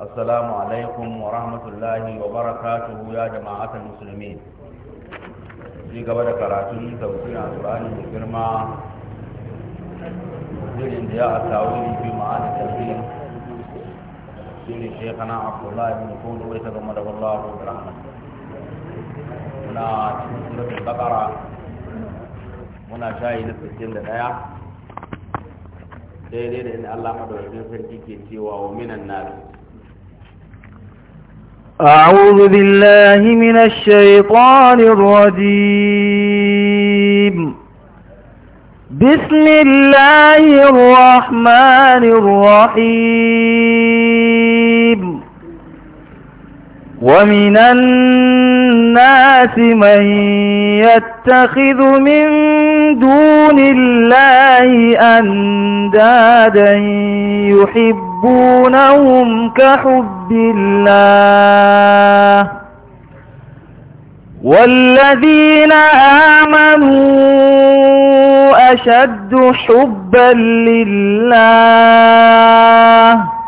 السلام عليكم ورحمة الله وبركاته يا جماعة المسلمين في قبل كراتين توقيع عن القرآن الكريم في انضياء التاويل في معاني التوحيد في شيخنا عبد الله بن فول ويتغمده الله برحمته هنا سورة البقرة هنا شاهد 61 daidai da inda Allah madaukakin sarki ke cewa wa minan nar أعوذ بالله من الشيطان الرجيم بسم الله الرحمن الرحيم ومن الناس من يتخذ من دون الله أندادا يحبونهم كحب الله والذين آمنوا أشد حبا لله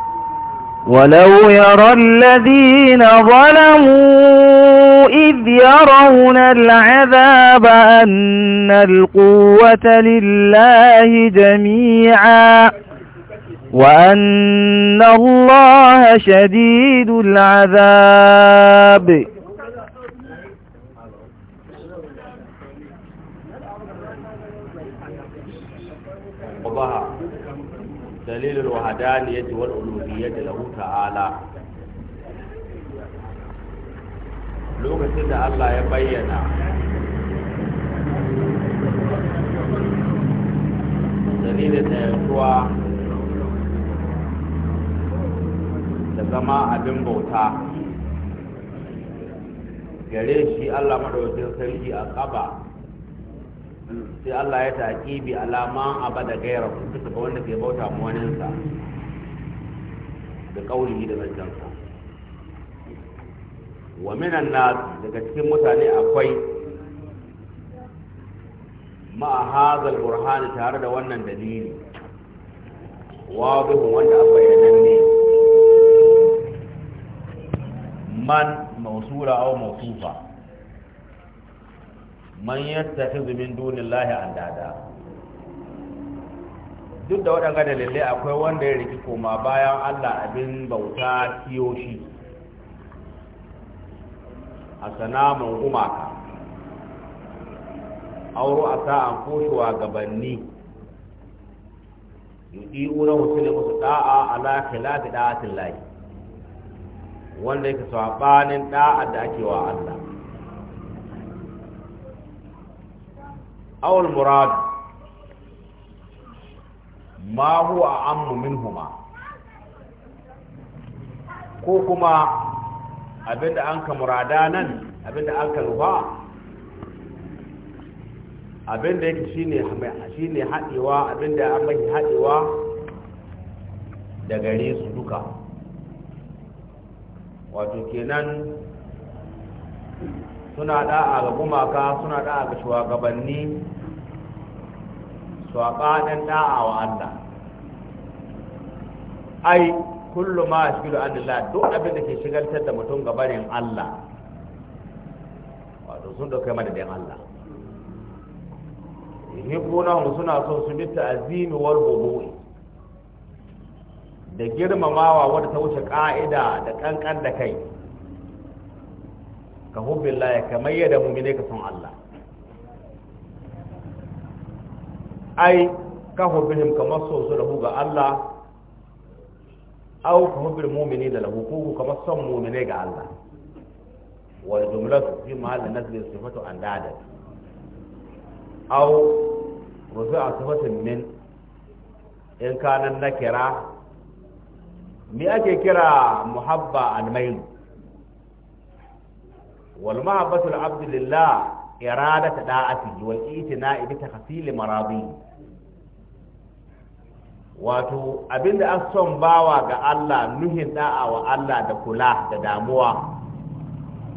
ولو يرى الذين ظلموا إذ يرون العذاب أن القوة لله جميعا وأن الله شديد العذاب وضها دليل الوحدانية والألوهية له ala lokacin da Allah ya bayyana dalilin da yankuwa da zama abin bauta gare shi Allah madawacin sarki a ƙaba sai Allah ya taƙi bi alama abada gaira duka ga wanda ke bauta mu waninsa da kaulihi da zancansa wa minan nas daga cikin mutane akwai ma'a hazal burhani tare da wannan dalili waduhun wanda a bayyanan ne man mausura au mausufa man yattakhidhu min dunillahi andada duk da waɗanda dalilai akwai wanda ya riki koma bayan Allah abin bauta kiyoshi a sanamun gumaka auro a sa'an koshewa gabanni yi ura wasu ne musu da'a ala khilafi ɗa'atin layi wanda yake sabanin da'a da ake wa Allah أو المراد ما هو أعم منهما minhuma ko kuma مرادانا an ka murada nan da an ka rufa abinda yake shine an mai haɗewa da gare su duka wato kenan suna da'a ga gumaka suna da'a ga shugabanni saɓanin da'a wa Allah ai kullum ma shigilu Allah duk abin da ke shigaltar da mutum ga barin Allah wato sun dauke madadin Allah yuhibbunahum suna so su bi ta'zimi wal hudu'i da girmamawa wadda ta wuce ka'ida da kankan da kai ka hubbillahi kamar yadda mu'mine ka san Allah ai ka hubbihim kamar so su lahu ga Allah au ka hubbil mu'mini da lahu ko kamar son mu'mini ga Allah wa su fi mahalli nazli sifatu andada au rufi'a sifatun min in kana nakira mi ake kira muhabba almailu wal mahabbatu al-abd lillah إرادة داعته والإيتناء بتحصيل مراضيه wato abin da an son bawa ga Allah nuhin da'a wa Allah da kula da damuwa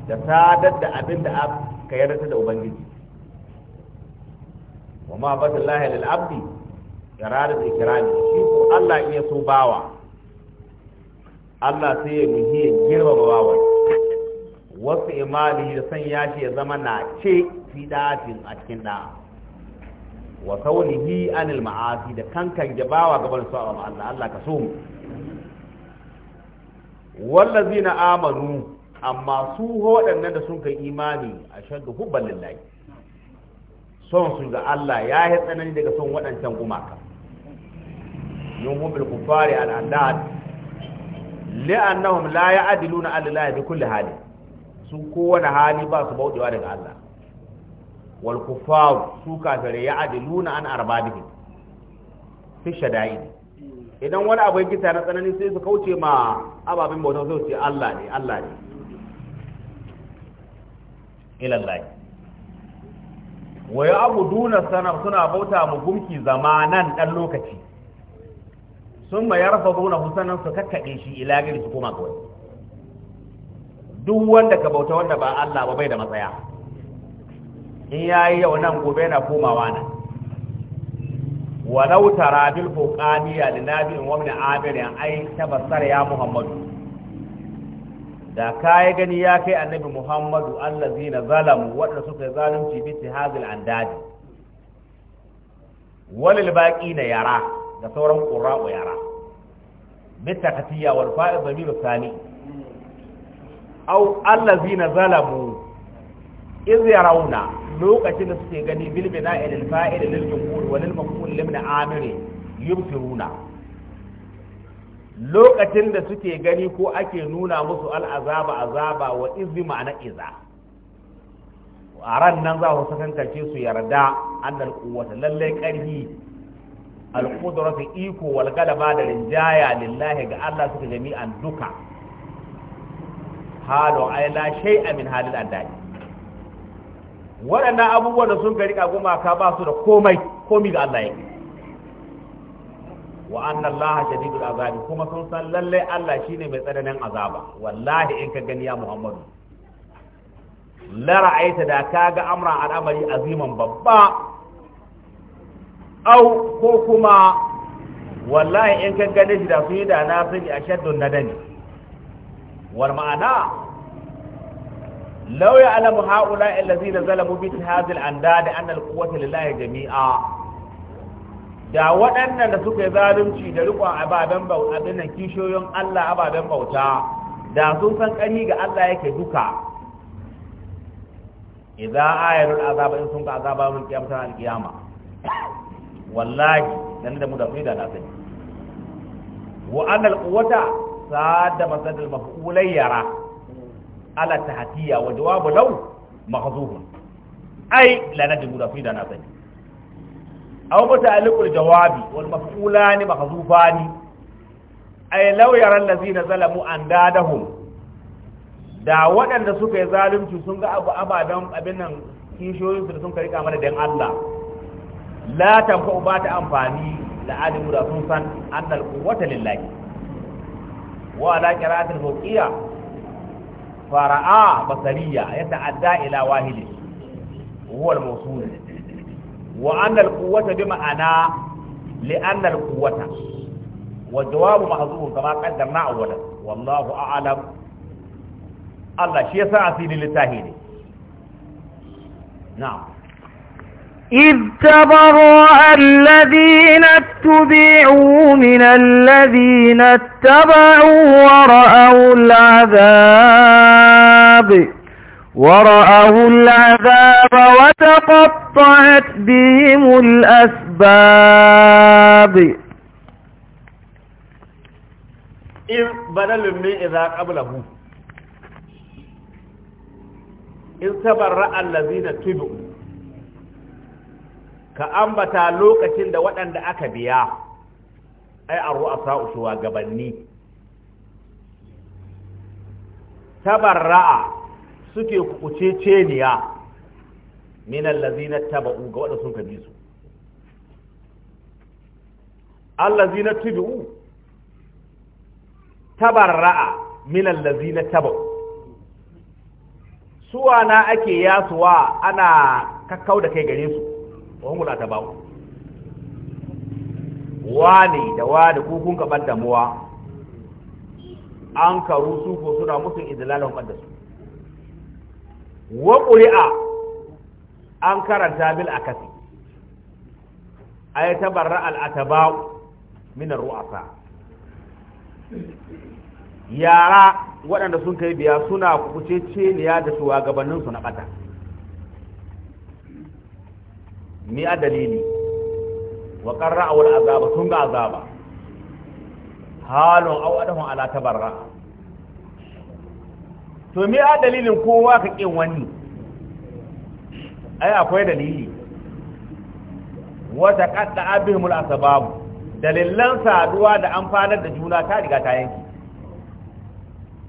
da sadar da abin da aka yarda da Ubangiji wa ma badallahi lil abdi irada da ikrami shi ko Allah iya so bawa Allah sai ya muhiye girmama bawan wasu imali da ya ce ya zama na ce fi da'atin a cikin da, wa saunihi anil ma'asi da kankan jabawa gaban su Allah Allah ka so mu na amanu amma su waɗannan da sun kai imani a shaddu hubban lillahi son su ga Allah ya yi tsanani daga son waɗancan gumaka yin hubbil kufari al'adad li'annahum la ya'diluna ala bi kulli halin sun kowane hali ba su bauɗewa daga Allah wal kufar su kafirai ya adiluna an arbabihim fi shada'i idan wani abu ya gita na tsanani sai su kauce ma ababin bauta sai su ce Allah ne Allah ne ilallahi wa duna sana suna bauta mu gumki zamanan dan lokaci sun ma yarfaduna husanan su kakkaɗe shi ila gari su koma kawai duk wanda ka bauta wanda ba Allah ba bai da matsaya in yayi yau nan gobe na komawa nan walau tara bil fuqaniya linabi'in wa min abirin ai tabassar ya muhammadu da kai gani ya kai annabi muhammadu allazina zalamu wadanda suka zalunci bi tihazil andadi walil na yara da sauran qurra'u yara bi takatiya wal fa'id dhamiru thani au zina zalamu iz yarawna lokacin da suke gani bil bina'il al fa'il lil jumhur wa lil maf'ul limna amiri yubsiruna lokacin da suke gani ko ake nuna musu al'azaba azaba wa izi ma'ana iza a ran nan za su sakankace su yarda annal quwwata lallai ƙarfi al-qudratu iko wal galaba da rinjaya lillahi ga Allah suka jami'an duka halon ai la shay'a min halil adai waɗannan abubuwan da sun gari gumaka ba su da komai komi ga Allah yake wa anna Allah shadidul azabi kuma sun san lalle Allah shine mai tsananin azaba wallahi in ka gani ya Muhammadu la ra'aita da kaga amra al'amari aziman babba au ko kuma wallahi in ka gani shi da su yi da na sani a nadani wal ma'ana law ya'lamu ha'ula'i allazina zalamu bi hadhihi al-andad anna al lillahi jami'a da waɗannan da suka yi zalunci da riƙon ababen bauta din nan kishiyoyin Allah ababen bauta da sun san ƙari ga Allah yake duka idza ayarul azaba in sun ka azaba mun kiyamta al-qiyama wallahi dan da mu da mu da na sani wa anna al-quwwata sad da masad al maf'ulai yara ala tahtiya wa jawabu law mahzufun ai la nadimu da fi da na sani aw muta'alliqul jawabi wal maf'ulani mahzufani ai law yara allazina zalamu andadahum da waɗanda suka yi zalunci sun ga abu abadan abin nan kishoyin su da sun karika mana dan Allah la tanfa ba ta amfani la alimu da sun san annal quwwata lillahi وعلى قراءة الفوقية فرأى بصرية يتعدى إلى واحد وهو الموصول وأن القوة بمعنى لأن القوة والجواب محظور كما قدرنا أولا والله أعلم الله شيء سأسيل للتاهيل نعم إذ تبرأ الذين اتبعوا من الذين اتبعوا ورأوا العذاب ورأوا العذاب وتقطعت بهم الأسباب إذ بدل من إذا قبله إذ تبرأ الذين اتبعوا ka ambata lokacin da waɗanda aka biya ai a ruwa ru'asa ushuwa gabanni tabarra'a suke kukuce ceniya minan na taba'u ga waɗanda sun kabi su allazina tubi'u tabarra'a minan na taba'u suwa na ake yasuwa ana kakkau da kai gare su wani mula ta bawo wani da wani kukun kaɓar damuwa an karu su ko suna musu idilalin ɓadda su wa ƙuri'a an karanta bil akasi ay tabarra al ataba'u min ar ru'asa yara waɗanda sun kai biya suna kucece ne da shugabanninsu na ɓata ni a dalili wa a wani azaba sun ga azaba halun aw adahum ala tabarra to me a dalilin kowa ka ƙin wani ai akwai dalili wata abin abihimul asbabu dalilan saduwa da amfanar da juna ta riga ta yanki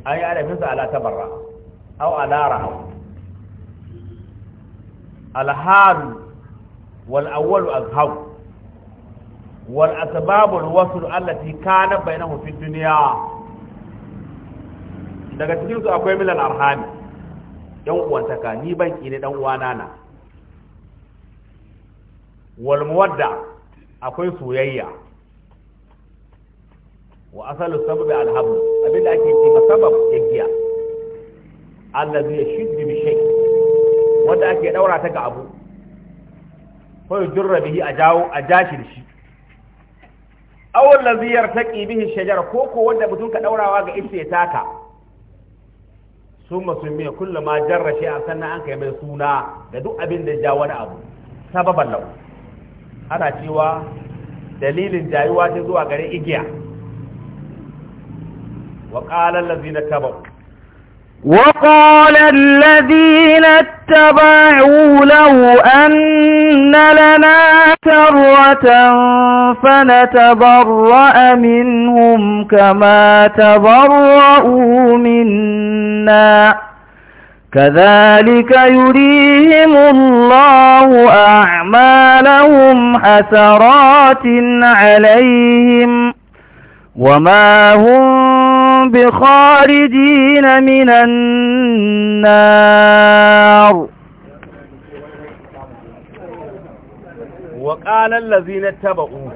an yi adafin sa ala tabarra au ala ra'a alharu wal awwalu azhab wal asbabul wasl allati kana bainahu fi dunya daga cikin su akwai milan arham yan uwantaka ni banki ne dan uwana na wal muwadda akwai soyayya wa asalu sababi alhablu abinda ake ce masabab yagiya allazi yashiddu bi shay wanda ake daura ta ga abu fa yujra bihi a jawo a jashi da shi aw allazi yartaqi bihi ko ko wanda mutum ka daurawa ga ya taka summa ya kulle ma jarra a sannan an kai mai suna da duk abin da ja wani abu sababan lau ana cewa dalilin jayuwa ta zuwa gare igiya wa qala na tabu وقال الذين اتبعوا له أن لنا كرة فنتبرأ منهم كما تبرؤوا منا كذلك يريهم الله أعمالهم حسرات عليهم وما هم بخارجين من النار وقال الذين اتبعوا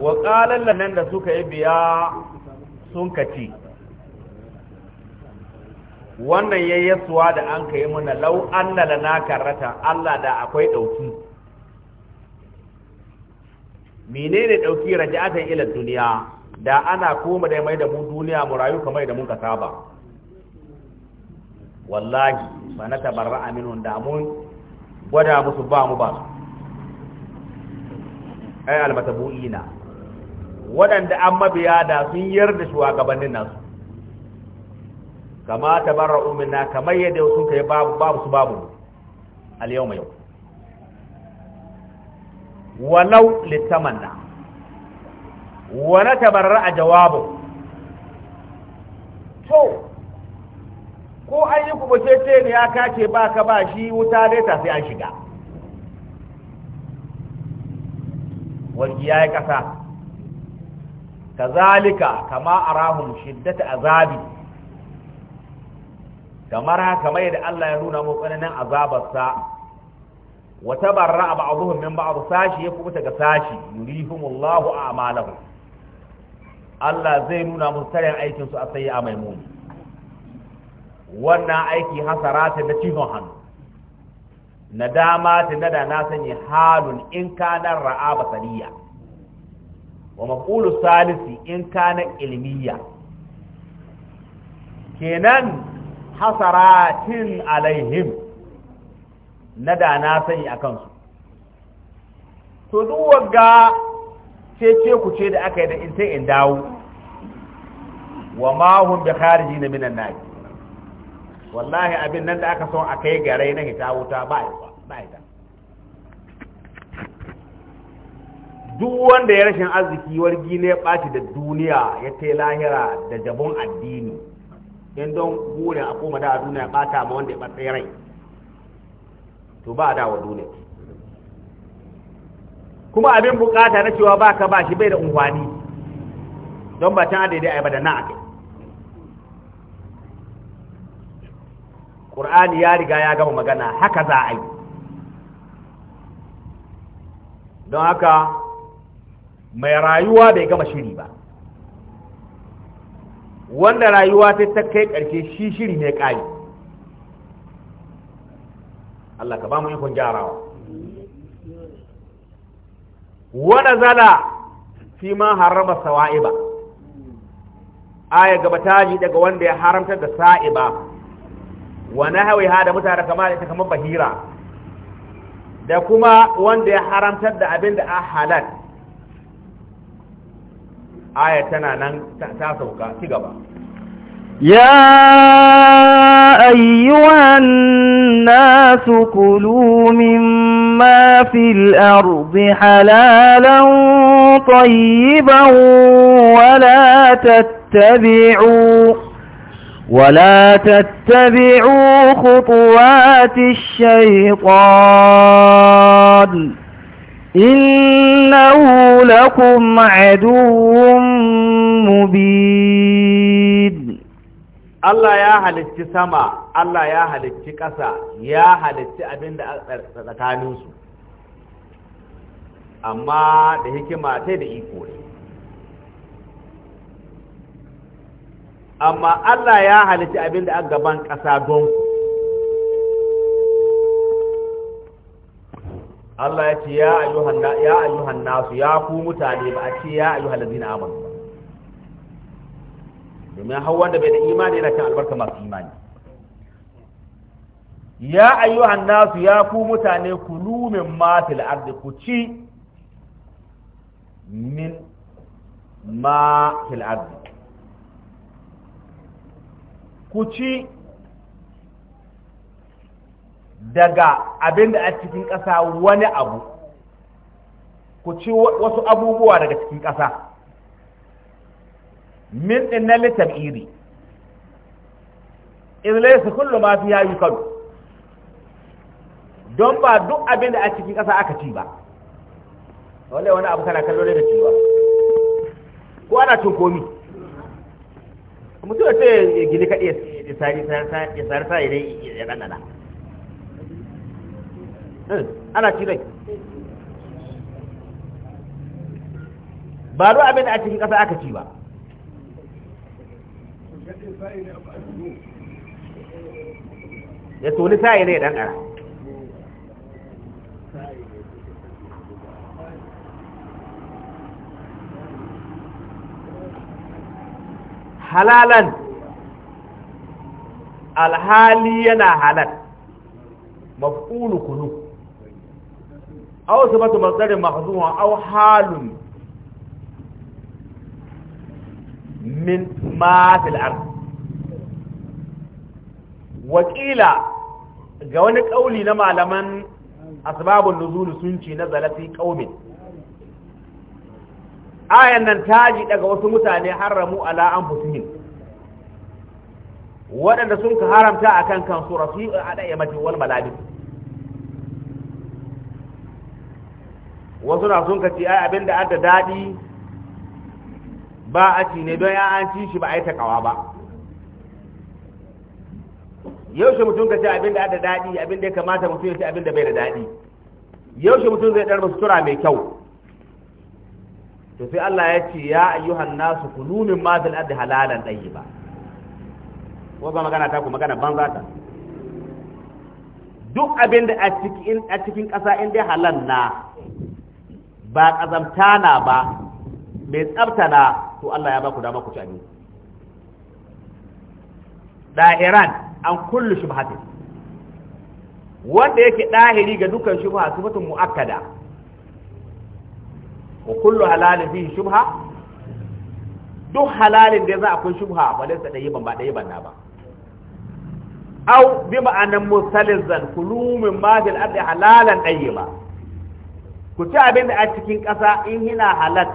وقال لنا da suka yi biya sun kace wannan yasuwa da an kai muna lau da na karrata Allah da akwai dauki menene dauki raja'atan ila duniya da ana koma da mai da mu duniya mu rayu kamar da mun ka saba wallahi ba na tabarra aminun da mun gwada musu ba mu ba ai almatabu'ina waɗanda an mabiya da sun yarda shugabannin nasu kama tabarra'u minna kamar yadda sun kai babu babu su babu aliyau mai yau walau na. wa na a jawabu to ko an yi kubutacce ne ya kace ba ka ba shi wuta dai ta sai an shiga walgiya ya kasa kazalika kama arahun shiddata azabi kamar haka mai da Allah ya nuna mu tsananin azabarsa wa tabarra ba'dhum min ba'd sashi ya kubuta ga sashi yurihumullahu a'malahum Allah zai nuna musu tsarin aikin su a sayi a maimuni wannan aiki hasarata da cizon hannu nadama ta nada na sani halun in kana ra'a basariya wa maqulu salisi in kana ilmiya kenan hasaratin alaihim na da na sani a kansu to duk ce ce ku ce da aka yi da in sai in dawo wa ma hum bi khariji na minan naki wallahi abin nan da aka son a kai gare na hita wuta ba ba ita duk wanda ya rashin arziki wargi ne ya ɓaci da duniya ya ta lahira da jabon addini yan don burin a koma da duniya bata ma wanda ya batse rai to ba da wa duniya kuma abin bukata na cewa baka ba shi bai da unwani don ba can daidai ai ba da na Qur'ani ya riga ya gama magana haka za a yi don haka mai rayuwa bai gama shiri ba wanda rayuwa ta ta kai ƙarshe shi shiri ne ƙari Allah ka ba mu ikon gyarawa wada zala fi ma harama sawa'iba aya gaba taji daga wanda ya haramta da sa'iba wa nahwiha da mutane kamar ita kamar bahira da kuma wanda ya haramtar da abin da a halal aya tana nan ta sauka ci gaba يا أيها الناس كلوا مما في الأرض حلالا طيبا ولا تتبعوا ولا تتبعوا خطوات الشيطان إنه لكم عدو مبين Allah ya halicci sama, Allah ya halicci ƙasa, ya halicci abin da tsakaninsu, amma da hikima sai da iko ne. Amma Allah ya halicci abin da gaban ƙasa don ku. Allah ya ce ya ayyuhan ya ayyuhan nasu ya ku mutane ba a ce ya ayyuhal ladina amanu domin har wanda bai da imani yana kan albarka masu imani ya ayyuhan nasu ya ku mutane kulu min ma fil ardi ku ci min ma fil ardi ku ci daga abin da a cikin ƙasa wani abu ku ci wasu abubuwa daga cikin ƙasa min na litar iri su kullum ma fi yayi kadu don ba duk abin da a cikin ƙasa aka ci ba wale wani abu kana kallo ne da ci ba ko ana cin komi mutum da ce gini kaɗe ya sari sa ya ɗanɗana Eh, ana ci rai ba do abin da a cikin ƙasa aka ci ba ya tuni sa'i ne dan ƙara halalan alhali yana halal maf'ulu kunu aw sabatu masdarin mahzufun aw halun min ma fil wakila ga wani kauli na malaman asbabun nuzuri sun ce na fi qaumin ayan nan taji daga wasu mutane haramu ala anfusihim waɗanda sun ka haramta akan kansu rafi'u a ɗaya mace wal wasu na sun kaci ce ai abin da adda daɗi ba a ci ne don an ci shi ba a yi takawa ba yaushe mutum ka ce abin da adda daɗi abin da ya kamata mutum ya ci abin da bai da daɗi yaushe mutum zai ɗarba sutura mai kyau to sai Allah ya ce ya ayyuhan nasu kulu min ma zal adda halalan ba. ko ba magana ta ku magana banza ta duk abin da a cikin ƙasa in dai halal na ba ƙazamta na ba mai tsabta na to Allah ya ba ku dama ku ci abinci ɗahiran an kullu shubhatin wanda yake ɗahiri ga dukkan shubha sifatun mu'akkada wa kullu halalin fihi shubha duk halalin da za akwai shubha ba da yi ban ba ɗaya ban na ba au bi ma'anan musalizan kullu min ma'al ardi halalan ɗaya ba ku ci abin da a cikin ƙasa in hina halal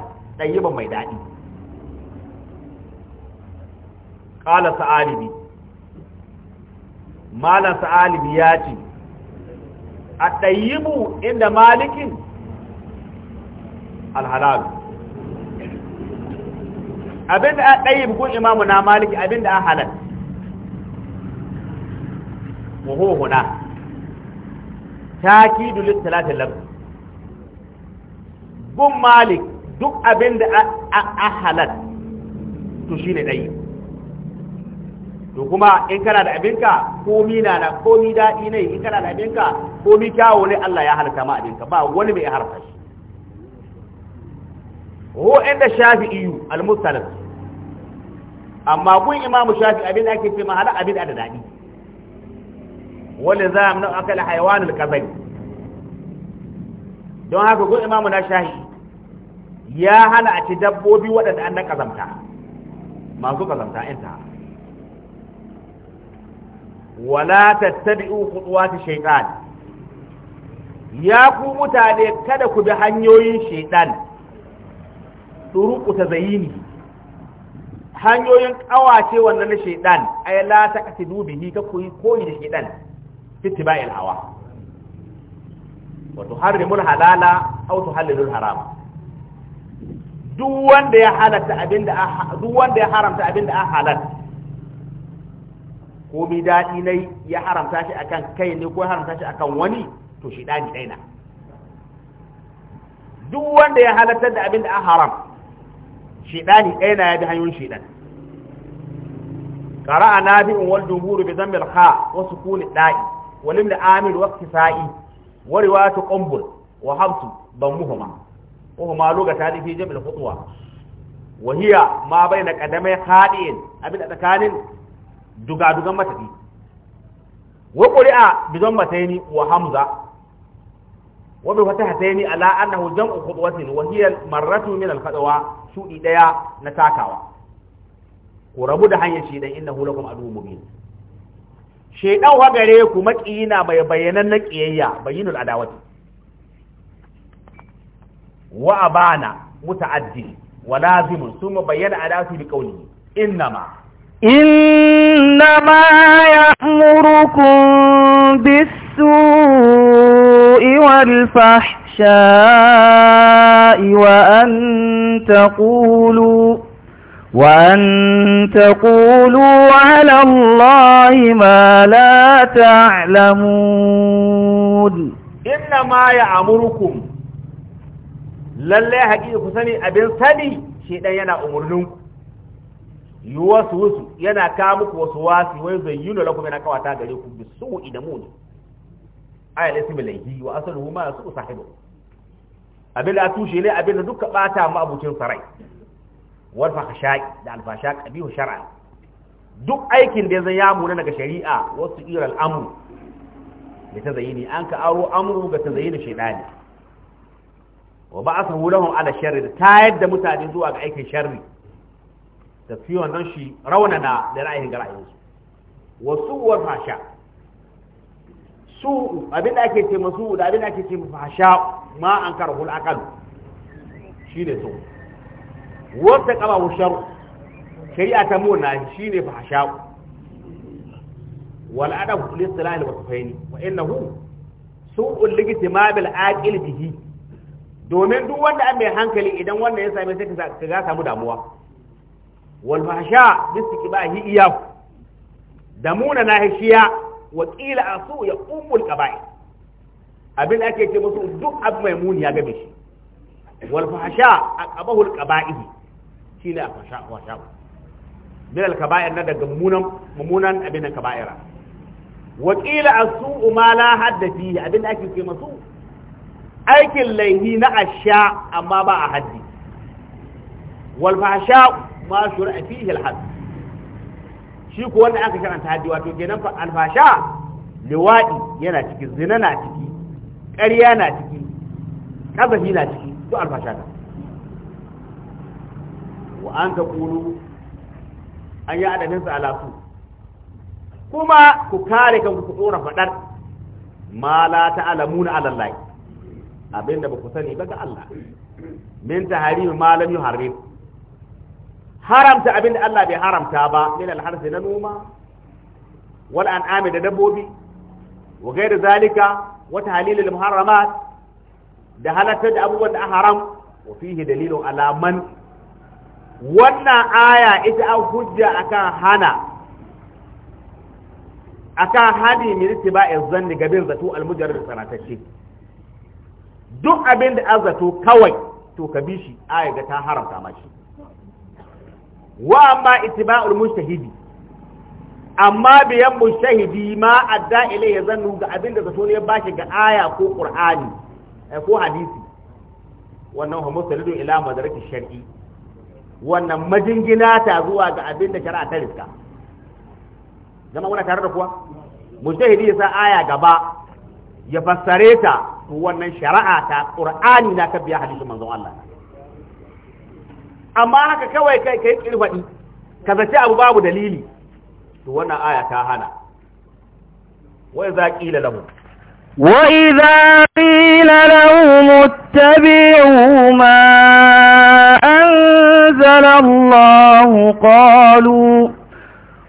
ba mai daɗi ƙala sa'alibi malam sa'alibi ya ce a ɗayyibu inda malikin alhalalu abin da a ɗayyib kun imamu na maliki abin da a halal wuhu huna ta ki dulin talatin lafi gun malik duk abin da a halal to shi ne ɗayi to kuma in kana da abinka komi na ko komi daɗi ne in kana da abinka komi kyawo ne Allah ya halatta ma abinka ba wani mai harfa shi ho inda shafi'iyu al-musallam amma kun imamu shafi abin da ake ce ma halal abin da daɗi wanda za mu na akala hayawanul kazali don haka gudu imamu na shahi ya hana a ci dabbobi waɗanda an na ƙazamta masu ƙazamta ta, wala tattabi'u ta shaitan ya ku mutane kada ku bi hanyoyin shaytan turuku ne hanyoyin kawace wannan na shaytan ay la dubi bihi ka ku koyi da shaytan tittiba'il hawa wa tuharrimul halala aw tuhallilul harama duk wanda ya halatta abinda duk wanda ya haramta abinda an halal ko mi dadi nai ya haramta shi akan kai ne ko ya haramta shi akan wani to shi dani dai na duk wanda ya halatta da abinda an haram shi dani dai na ya bi hanyoyin shi dan qara'a nabi'un wal jumhur bi dhammi al kha wa sukun al da'i wa lim al amil wa iktisa'i ورواية قنبل وحبس ضمهما وهما لغة هذه في جمع الخطوة وهي ما بين قدمي خادئين أبن أتكان دقا دقا متدي وقرئ بضمتين وحمزة وبفتحتين على أنه جمع خطوة وهي المرة من الخطوة شو إيديا نتاكاوا وربو دهان يشيدين إنه لكم أدو مبين shaidan wa gare ku maƙiyina mai bayanan na ƙiyayya bayinul adawati wa abana muta'addi wa lazimun suma bayyana adawati bi qawli innama innama ya'murukum bis-su'i wal-fahsha'i wa an taqulu وأن تقولوا على الله ما لا تعلمون إنما يأمركم لله حقيقة سني أبن سني شيئا ينا أمرنكم yuwaswisu yana kawo muku wasu wasi wai zayyuna lakum yana kawata gare ku bi su ida muni aya la simi laihi wa asaluhu ma su sahibu abin da tushe ne abin da duka bata mu abucin wal fahsha'i da al fahsha qabihu duk aikin da ya zai yamu na daga shari'a wasu ira al amru da ta zayini an ka aro amru ga ta zayini shaidani wa ba'athahu lahum ala sharri da ta yadda mutane zuwa ga aikin sharri tafiyon nan shi raunana da ra'ayin ga ra'ayinsu wasu war fahsha'i su abin da ake ce masu da abin da ake ce fasha ma an karhul akal shi ne so wata kaba wa sharu shari'a ta mona shine fahsha wal adab li istilah al wasfaini wa innahu su'ul ligtimam al aqil bihi domin duk wanda an mai hankali idan wannan ya same sai ka ga samu damuwa wal fahsha bistiqbahi iyahu damuna nahishiya wa qila asu ya umul qaba'i abin ake ce musu duk abu mai muni ya gabe shi wal fahsha aqabahu al qaba'i shine a fasha wa sha min al kaba'ir na daga mummunan mummunan abin kaba'ira wa qila as-su'u ma la hadda fihi abin da ake ce masu aikin laihi na asha amma ba a haddi wal fahsha ma shur'a fihi al hadd shi ko wanda aka karanta haddi wato kenan al fahsha liwadi yana ciki zina na ciki ƙarya na ciki kazafi na ciki duk al fahsha wa an ta kulu an yi adadin sa ala kuma ku kare kanku ku tsora faɗar ma la ta'lamuna ala abinda ba ku sani ba ga Allah min taharimi ma lam yuharrim haramta abinda Allah bai haramta ba min alharsi na noma wal an'ami da dabbobi wa ghayr zalika wa tahlilil muharramat da halatta da abubuwan da haram wa fihi dalilun ala man wannan aya ita an hujja akan hana akan hadi min ittiba'i zanni gabin zato almujarrad sanatacce duk abin da azato kawai to ka bi shi aya ga ta haramta mashi. wa amma ittiba'ul mujtahidi amma biyan mujtahidi ma adda ya zannu ga abin da zato ne ya bashi ga aya ko qur'ani eh, ko hadisi wannan huwa musallidu ila madarakish shar'i wannan majingina ta zuwa ga abin da shari'a ta riska zama muna tare da kuwa mujtahidi ya sa aya gaba ya fassare ta to wannan shari'a ta qur'ani na ka biya hadisin manzon Allah amma haka kawai kai kai kirfadi ka zace abu babu dalili to wannan aya ta hana wa idza qila lahum wa idza qila lahum ittabi'u ma أنزل الله قالوا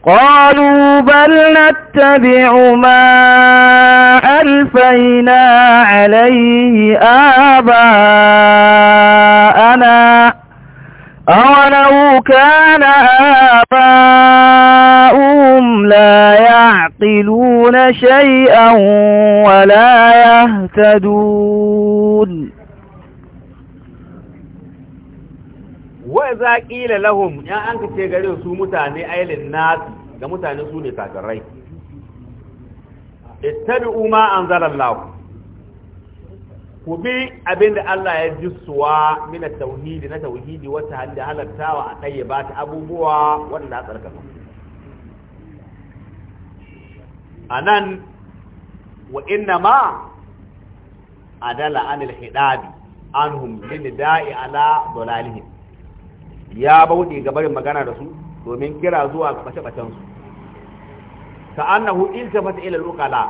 قالوا بل نتبع ما ألفينا عليه آباءنا أولو كان آباؤهم لا يعقلون شيئا ولا يهتدون wa zaƙi ƙila lahum ya an ka ce su mutane ailin nasu ga mutane su ne kafirai ittabi'u ma anzalallahu ku bi abinda Allah ya jissuwa min tauhidi na tauhidi wata hadda halartawa a ɗaya ba ta abubuwa wanda a tsarkaka a nan wa inna ma adala anil hidabi anhum lil da'i ala dalalihim ya bauɗe gabarin magana da su domin kira zuwa ga bace-bacen su ta annahu iltafata ila al-uqala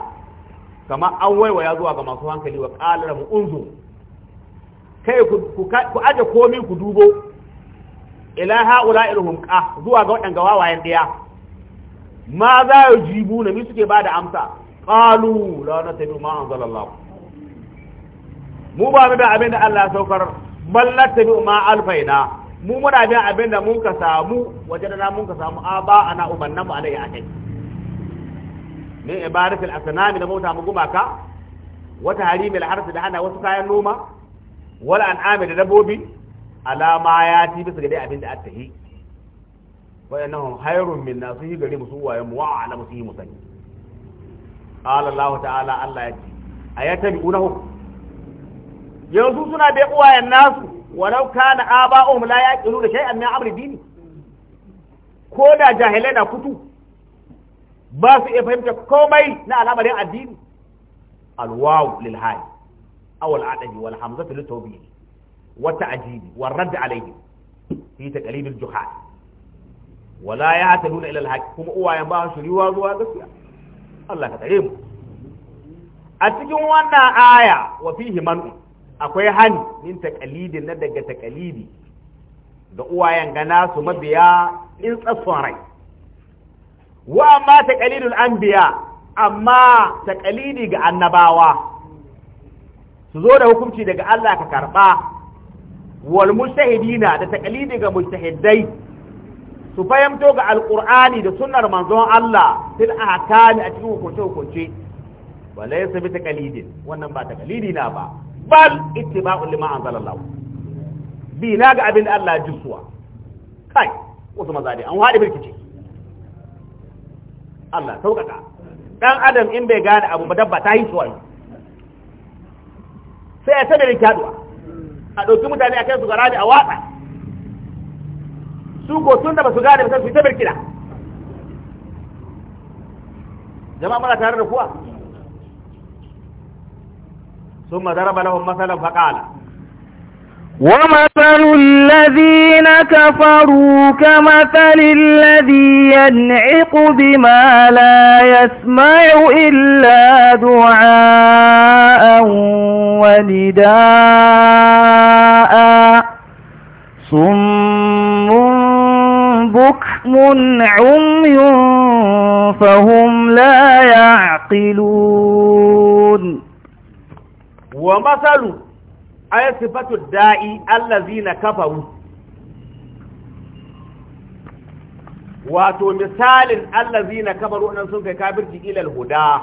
kama an ya zuwa ga masu hankali wa ƙalara mu unzu kai ku ku aje komi ku dubo ila haula ilhum qa zuwa ga wadanga wawayen daya ma za ya jibu na mi suke bada amsa qalu la biyu ma anzalallahu mu ba mu da abin da Allah ya saukar ballata bi ma alfaina mu muna bin abin da mun ka samu waje da mun ka samu aba ana ubannan mu alayhi akai min ibaratil asnami da mota mu gumaka wata harimil harsu da hana wasu kayan noma wal an'ami da dabobi alama ya ti bisa ga dai abin da attahi wa innahum hayrun min nasihi gari musu wayan mu wa ala yi musani qala allah ta'ala allah ya ce ayatabi'unahum yanzu suna bai uwayen nasu walau na aba'uhum la yaqilu da shay'an min amri dini ko da jahilai na kutu ba su iya fahimta komai na al'amarin addini alwaw lil hayy aw al adabi wal hamzatu lit tawbih wa ta'jibi wa radd alayhi fi taqlid al juhal wala yahtaduna ila al kuma uwayen ba gaskiya Allah ka mu a cikin wannan aya wa fihi akwai hani min takalidi na daga takalidi ga uwayen gana su mabiya in tsasson rai wa amma takalidul anbiya amma takalidi ga annabawa su zo da hukunci daga Allah ka karba wal mustahidina da takalidi ga mustahidai su fahimto ga Alƙur'ani da sunnar manzon Allah fil ahkami a cikin hukunce hukunce ba laysa takalidin wannan ba takalidi na ba bal ittiba'u lima anzalallahu bi na ga abin da Allah jisuwa kai wasu maza dai an haɗe birkice Allah sauƙaƙa dan adam in bai gane abu ba dabba ta yi suwa sai ya sanar da kyaduwa a ɗauki mutane a kai su garani a watsa su ko tun da ba su gane ba sai su yi ta birkila jama'a muna tare da kuwa ثم ضرب لهم مثلا فقال ومثل الذين كفروا كمثل الذي ينعق بما لا يسمع إلا دعاء ونداء صم بكم عمي فهم لا يعقلون wa masalu ay sifatu da'i allazina kafaru wato misalin allazina kafaru nan sun kai kafirci ila alhuda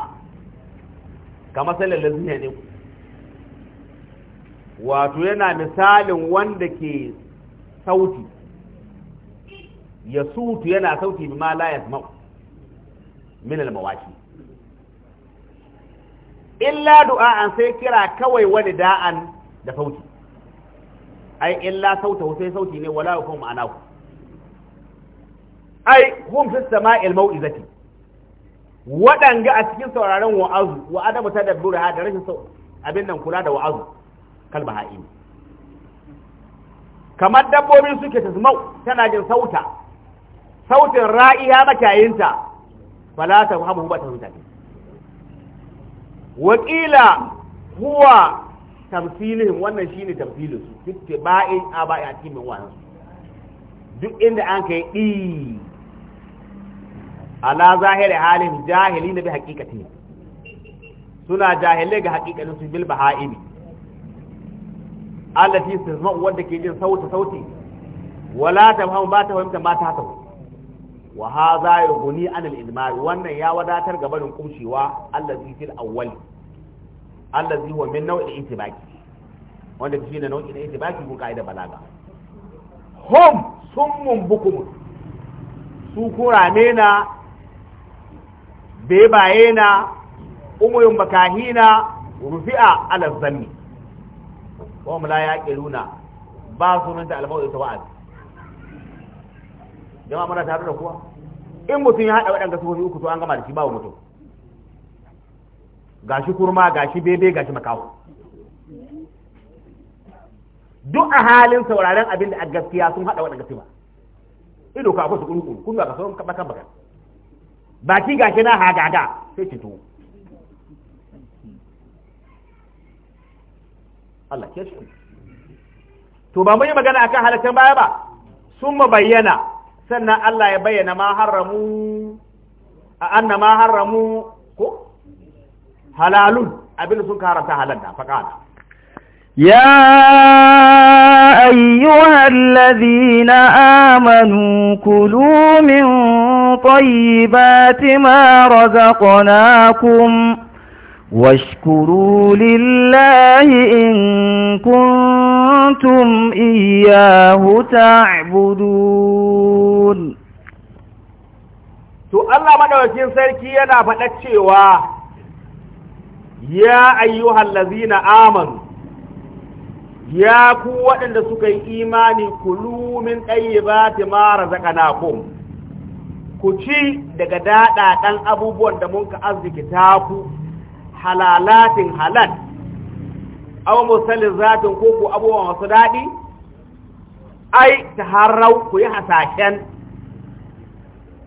ka sallan lazina ne wato yana misalin wanda ke sauti ya sutu yana sauti ma la yasma'u min almawaki illa du'a an sai kira kawai wani da'an da sauti ai illa sauta sai sauti ne wala hukum ku. ai hum fi sama'il mau'izati waɗanga a cikin sauraron wa'azu wa adamu tadabbur ha da rashin abin nan kula da wa'azu kal baha'im kamar dabbobi suke tasmau tana jin sauta sautin ra'iya makayinta fala ta hamu ba ta wakila huwa tamfilin wannan shine tamfilin su ittiba'in a cikin wani duk inda an kai di ala zahiri halin jahili na bi haqiqati suna jahilai ga haqiqanin su bil baha'imi su zama wadda ke jin sauti sauti wala hau ba ta hau ba ta hau wa hadha yughni an al-idmar wannan ya wadatar ga barin kumshewa allazi fil awwal allazi huwa min naw'i baki wanda shi ne nau'i na intibaki ko kaida balaga hum summun bukum su kurame na bebaye na umuyun na rufi'a ala zanni wa la yaqiluna ba sunanta al ta wa'azi. jama'a muna tare da kuwa in mutum ya haɗa waɗanda sufofi uku to an gama da shi babu mutum gashi kurma gashi bebe gashi makawo duk a halin sauraren abin da a gaskiya sun haɗa waɗanda sifa ido ka akwai su kuru kun ga kasuwan baka bakan baki gashi na hagaga sai cito Allah ke shi to ba mun yi magana akan halittar baya ba sun mu bayyana sannan Allah ya bayyana ma haramu anna ma haramu ko halalun abin sun karanta halalna faqala يا أيها الذين آمنوا كلوا من طيبات ما رزقناكم واشكروا لله إن كنتم إياه تعبدون to Allah madaukakin sarki yana faɗa cewa ya ayyuhal lazina amanu ya ku waɗanda suka yi imani ba ta mara ma razaqnakum ku ci daga daɗaɗan abubuwan da mun ka arziki ta ku halalatin halal aw zafin ko ku abubuwan wasu daɗi ai ta harau ku yi hasashen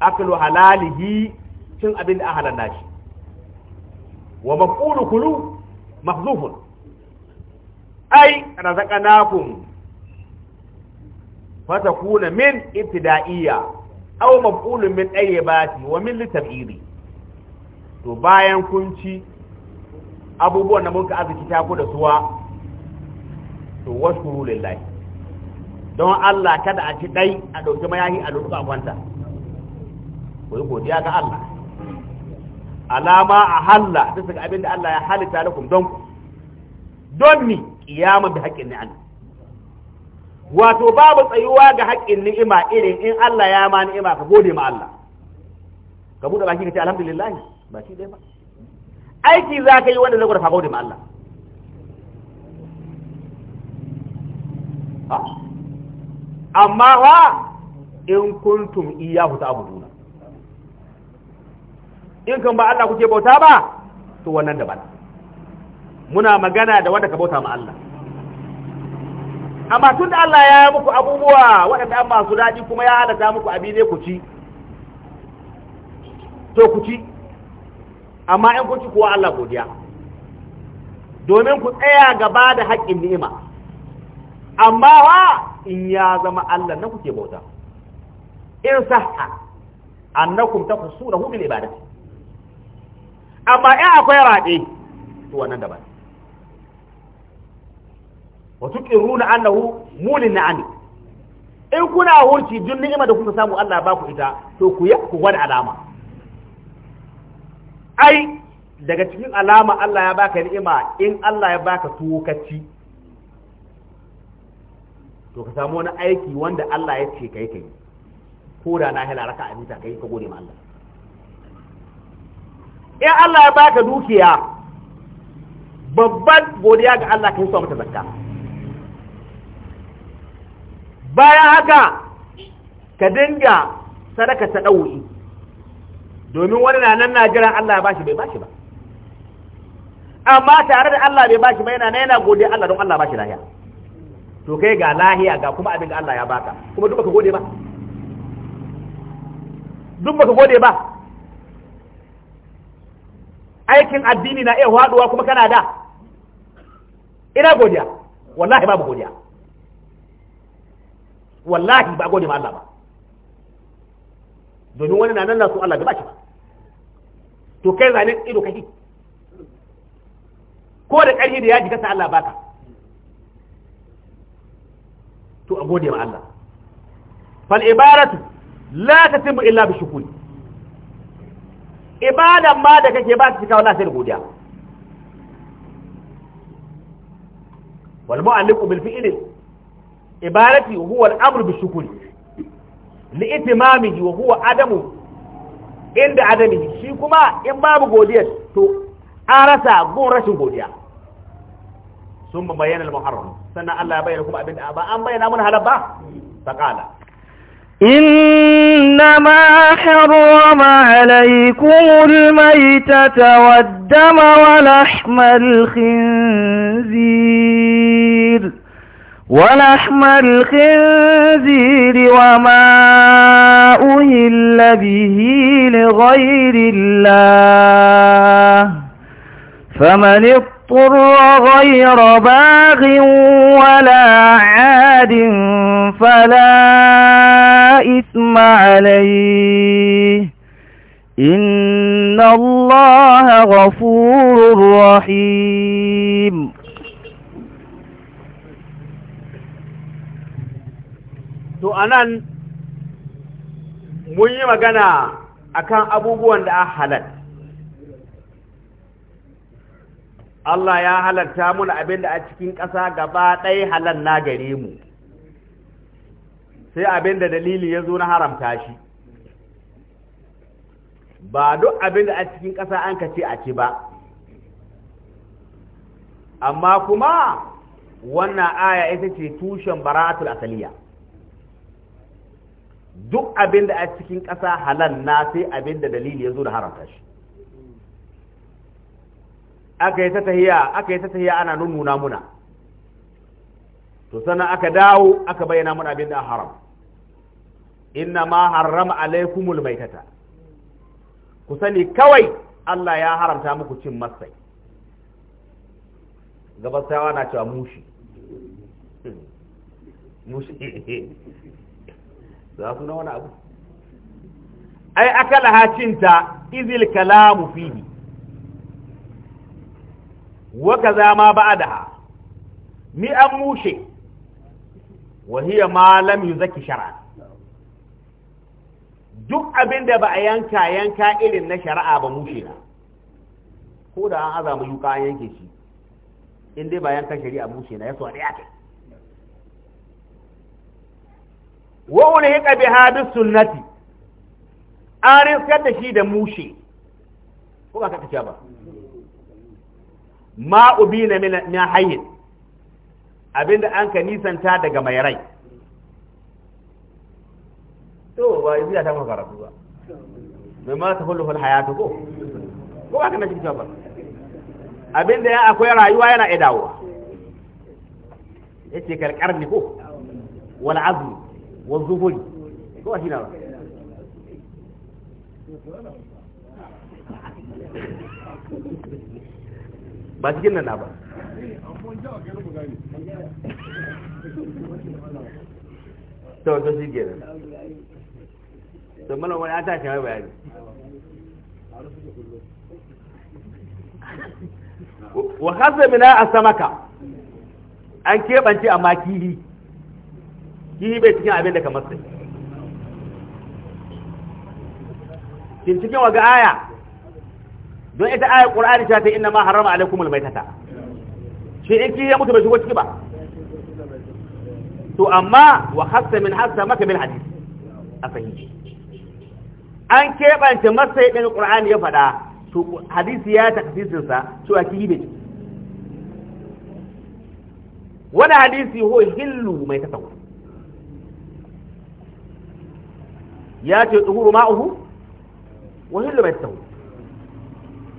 akalu halalihi cin abin da ahalan nashi wa maqulu kulu mahzufun ai razaqnakum fatakuna min ibtida'iyya aw maqulun min ayyibati wa min litab'iri to bayan kun ci abubuwan da mun ka arziki ta ku da suwa to washkuru lillahi don Allah kada a ci dai a dauki mayahi a lutsa kwanta ku yi godiya ga Allah alama a halla bisa ga abin da Allah ya halitta lakum don ku don ni kiyama bi haƙƙin ni Allah wato babu tsayuwa ga haƙƙin ni'ima irin in Allah ya ma ni'ima ka gode ma Allah ka buɗe baki ka ce alhamdulillah ba shi dai ba aiki za ka yi wanda zai gwada gode ma Allah amma wa in kuntum iyahu ta'buduna in kan ba Allah kuke bauta ba to wannan daban muna magana da wanda ka bauta ma Allah amma tun da Allah ya yi muku abubuwa waɗanda an masu daɗi kuma ya halatta muku abin ne ku ci to ku ci amma in kun ci kuwa Allah godiya domin ku tsaya gaba da haƙƙin ni'ima amma wa in ya zama Allah na kuke bauta in sahha annakum hu bil ibadati amma in akwai rabe to wannan daban wa tuqiruna annahu mulin an in kuna hurci duk ni'ima da kuka samu Allah ba ku ita to ku yi ku gwada alama ai daga cikin alama Allah ya baka ni'ima in Allah ya baka tuwo to ka samu wani aiki wanda Allah ya ce kai kai ko da na hila raka amita kai ka gode ma Allah in Allah ya baka dukiya babban godiya ga Allah kai so mata zakka bayan haka ka dinga sadaka ta ɗau'i domin wani na nan na jiran Allah ya bashi bai bashi ba amma tare da Allah bai bashi ba yana na yana godiya Allah don Allah bashi shi lahiya to kai ga lahiya ga kuma abin da Allah ya baka kuma duk baka gode ba duk baka gode ba aikin addini na iya haduwa kuma kana da ina godiya wallahi babu godiya wallahi ba gode ma Allah ba domin wani na nan na so Allah bai bashi ba to kai zane ido kake ko da ƙarfi da yaji kasa Allah baka to a gode ma Allah fal ibaratu la tatimu illa bi shukuri ibadan ma da kake ba ta cika wallahi sai da godiya wal mu'alliqu bil fi'li ibarati huwa al amru bi shukuri li itimamihi wa huwa adamu inda adami shi kuma in babu godiya to an rasa gun rashin godiya sun ba bayyana al-muharram sannan Allah ya bayyana kuma abin da ba an bayyana mun halal ba faqala إنما حرم عليكم الميتة والدم ولحم الخنزير ولحم الخنزير وما أهل به لغير الله فمن اضطر غير باغ ولا عاد فلا إثم عليه إن الله غفور رحيم to anan mun yi magana akan abubuwan da a halal Allah ya halatta mun abin da a cikin ƙasa gaba ɗaya halal na gare mu sai abin da dalili ya zo na haramta shi ba duk abin da a cikin ƙasa an ka ce a ci ba amma kuma wannan aya ita ce tushen bara'atul asaliya duk abin da a cikin ƙasa halal na sai abin da dalili ya zo da haramta shi aka yi ta tahiya aka yi ta ana nuna muna to sannan aka dawo aka bayyana muna abin da haram inna ma harrama alaikumul maitata ku sani kawai Allah ya haramta muku cin masai gabasawa na cewa mushi mushi za su na wani abu ai akala hacinta izil kalamu fihi wa kaza ma ba'daha mi an mushe wa hiya ma lam yuzaki shar'a duk abinda ba a yanka yanka irin na shari'a ba mushe na ko da an azama yuka yanke shi in dai ba yanka shari'a mushe na ya so ne ya wa ulhiqa biha bis sunnati arin riskar da shi da mushe ko ba ka kace ba ma ubina min na hayyin abinda an ka nisanta daga mai rai to ba yanzu ya ta maka karatu ba mai ma ta hulul hayatu ko ko ba na cikin ba abinda ya akwai rayuwa yana idawo yace karkar ni ko wal azmi wa zuhuri ko ba cikin nan ba to to shi ke nan to mana an mai bayani wa mina samaka an kebance a kihi bai cikin abin da kamar sai kin cikin waga aya don ita aya ƙur'ani ta ta inna ma harama alaikumul maitata shi in kihi ya mutu bai shigo ciki ba to amma wa hassa min hassa maka bil hadith a fahimci an keɓance masai ɗin ƙur'ani ya faɗa to hadisi ya takfisirinsa cewa kihi bai wani hadisi ho hillu mai tasawu ya ce tsuhuru ma'uhu wahillu mai tsawo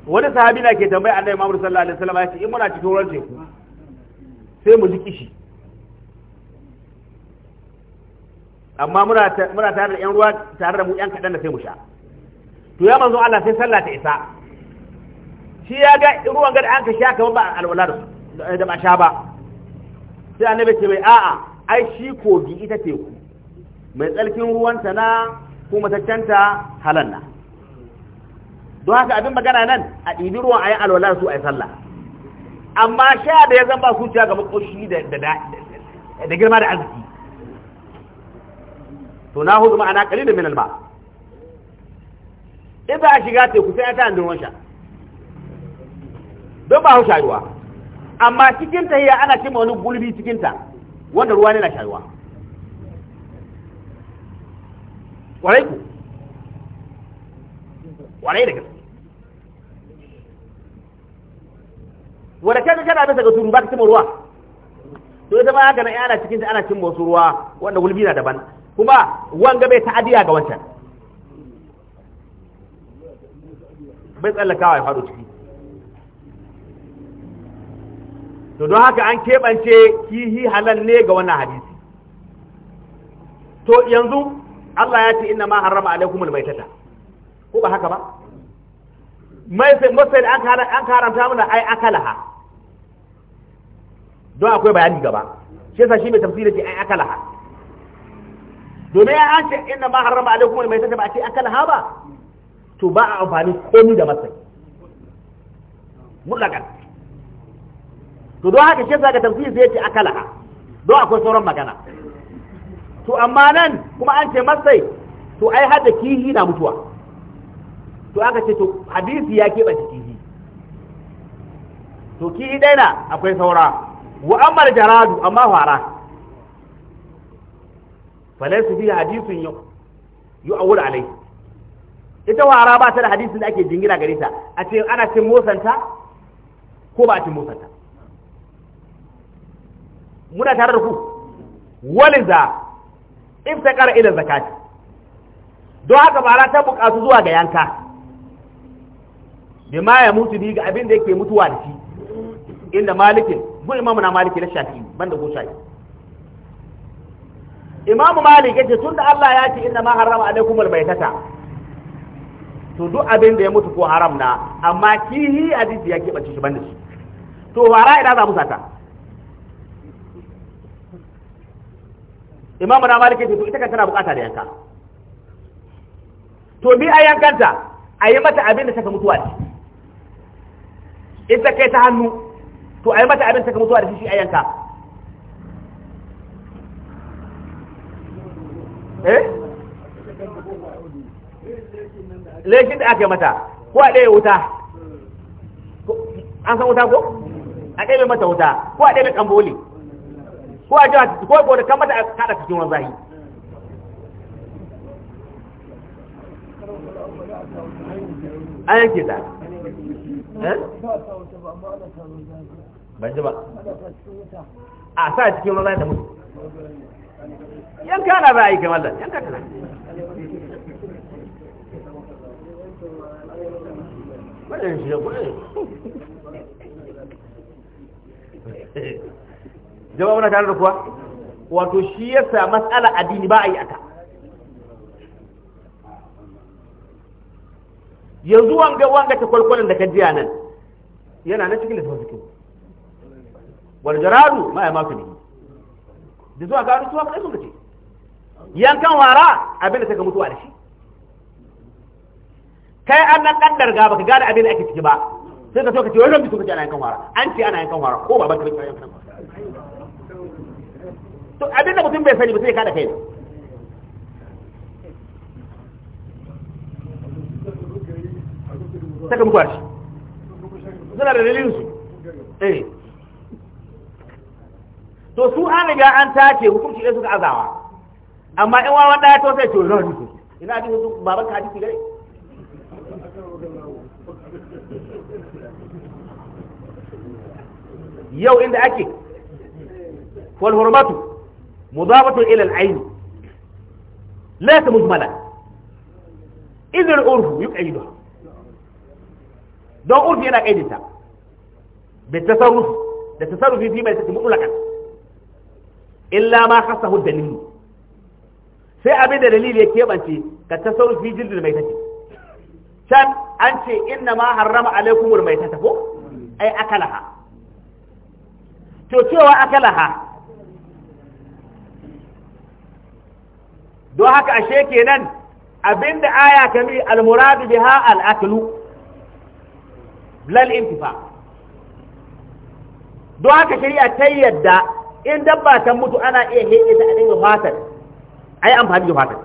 wani sahabi na ke tambaya annabi Muhammad sallallahu alaihi wasallam ya ce in muna cikin ruwan teku sai mu ji kishi amma muna tare da yan ruwa tare da mu yan kaɗan da sai mu sha to ya manzo Allah sai sallah ta isa shi ya ga ruwan gada an ka sha kamar ba alwala da ba sha ba sai annabi ce mai a'a ai shi kogi ita teku mai tsarkin ruwanta na ko mataccenta halal na don haka abin magana nan a ɗini ruwan a yi alwala su a yi sallah amma sha da ya zan ba zuciya ga makoshi da girma da arziki to na hudu ma'ana kalilin min ba in za a shiga teku sai an ta ruwan sha don ba hau shayuwa amma cikinta ya ana cima wani gulbi cikinta wanda ruwa ne na shayuwa kwarai ku kwarai da gaske wanda kai kana bisa ga turu ba ka cimma ruwa to ita ma haka na ana cikin ta ana cimma wasu ruwa wanda gulbi na daban kuma wanga bai ta'adiya ga wancan bai tsallakawa ya faɗo ciki to don haka an keɓance kihi halal ne ga wannan hadisi to yanzu Allah ya ce inna ma harrama alaikumul maitata ko ba haka ba mai sai masai an karanta an karanta mana ai akalaha don akwai bayani gaba shi yasa shi mai tafsiri ce ai akalaha domin an ce inna ma harrama alaikumul maitata ba a ce akalaha ba to ba a amfani komai da masai mutlakan to don haka shi yasa ga tafsiri sai ya ce akalaha don akwai sauran magana to amma nan kuma an ce masai to ai hada kihi na mutuwa to aka ce to hadisi ya keɓe kihi to kihi dai na akwai saura wa ammar jaradu amma fara falaysa fi hadisin yau yu'awul alai ita fara ba ta da hadisin da ake jingina gare ta a ce ana cin motsanta ko ba a cin motsanta muna tare da ku waliza kara ila zakati don haka bara ta bukatu zuwa ga yanka ma ya mutu ni ga abin da yake mutuwa da shi inda malikin gun imamu na maliki na shafi ban da shafi imamu malik yace tunda Allah ya ce inna ma harrama alaikum albaytata to duk abin da ya mutu ko haram na amma kihi hadisi ya keɓace shi da shi to wara ina za mu sata imamu na malik ce to ita kan tana bukata da yanka to bi a yankanta a yi mata abin da saka mutuwa ce ita kai ta hannu to a yi mata abin da saka mutuwa da shi a yanka eh lekin da aka yi mata ko a ɗaya wuta an san wuta ko a ɗaya mata wuta ko a ɗaya kamboli ko a jira ko ko da kan mata kada cikin ruwan zahi an yanke ta eh? ban ji ba a sa cikin wani da mutu yanka na za a yi kamar da yanka ta What is your jama'a muna tare da kuwa wato shi yasa matsala addini ba a yi aka yanzu wanga wanga ta kwalkwalin da ka jiya nan yana na cikin littafin cikin wani jararu ma ya mafi ne da zuwa gari suwa kai sun kace yankan wara abin da ga mutuwa da shi kai an nan kaddar ga baka gane abin da ake ciki ba sai ka so ka ce wai ran bisu kace ana yankan wara an ce ana yankan wara ko baban ka a yankan wara to abinda mutum bai sani ba sai ka kai ta ga mukwashi suna da dalilin su eh to su an riga an tace hukunci ɗaya suka azawa amma in wawan ɗaya to sai ce wani ne. ina hadisi su baban ka hadisi gare yau inda ake wal hurmatu مضافة إلى العين ليس مجملا إذا العرف يقعدها don urfi yana kaidinta bi tasarruf da tasarrufi fi mai mutlaqan illa ma khassahu sai abin da dalili ya kebance ka tasarrufi jildil mai tafi can an ce inna ma harrama alaikumul mai tata ko ai akalaha to cewa akalaha don haka ashe kenan abinda aya ta mi almuradu biha al'aklu lal intifa don haka shari'a ta yadda in dabba ta mutu ana iya hege ta a dinga fatar ai amfani da fatar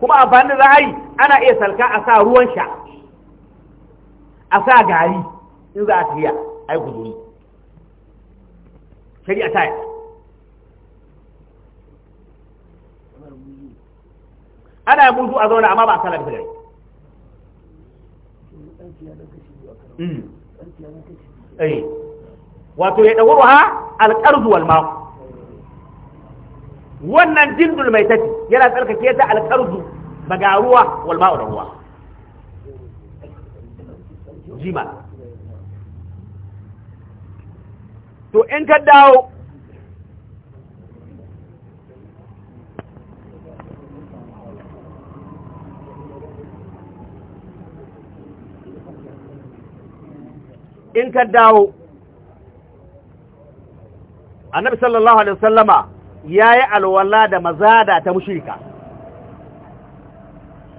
kuma amfani da ra'ayi ana iya salka a sa ruwan sha a sa gari in za a tafiya ai kuzuri. shari'a ta yadda ana gudu a zauna amma ba a sala da gari mm. eh. wato ya ɗauru ha alƙarzu wal ma'u wannan jindul mai tafi yana tsarkake ta alƙarzu ba ga ruwa wal ma'u da ruwa jima to in ka dawo in ka dawo annabi sallallahu alaihi wasallama yayi alwala da mazada ta mushrika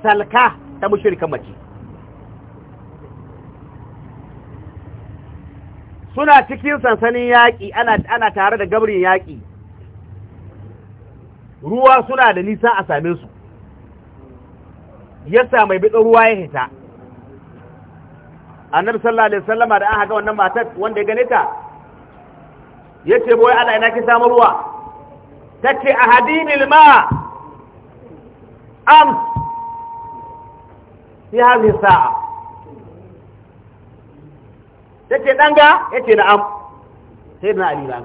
salka ta mushrikan mace suna cikin sansanin yaƙi ana tare da gabrin yaƙi ruwa suna da nisa a same su yasa mai biɗin ruwa ya hita annabi sallallahu alaihi wasallama da aka ga wannan matar wanda ya gane ta yace boye Allah ina ki samu ruwa tace ahadinil ma am fi hadhihi sa'a tace ce ga ya ce na'am sai na ali ba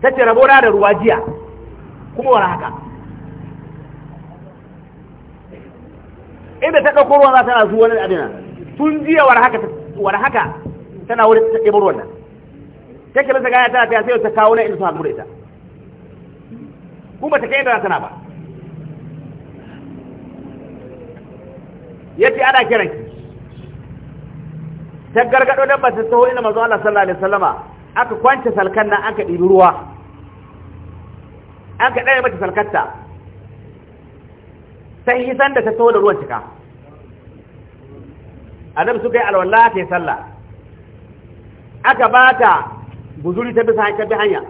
tace rabona da ruwa jiya kuma wani haka inda ta ɗauko ruwan za tana zuwa wani adina tun jiya wani haka tana wani ta ɗebar wannan ta kira ta gaya ta ta sai ta kawo na inda suna gure ta kuma ta kai inda tana ba yace ana kiranki ta gargado ba ta taho ina manzo Allah sallallahu alaihi wasallama aka kwance salkan nan aka dibi ruwa aka ɗaya mata salkatta sai san da ta taho da ruwan cika adam su yi alwala ke sallah aka bata ta ta bisa hanya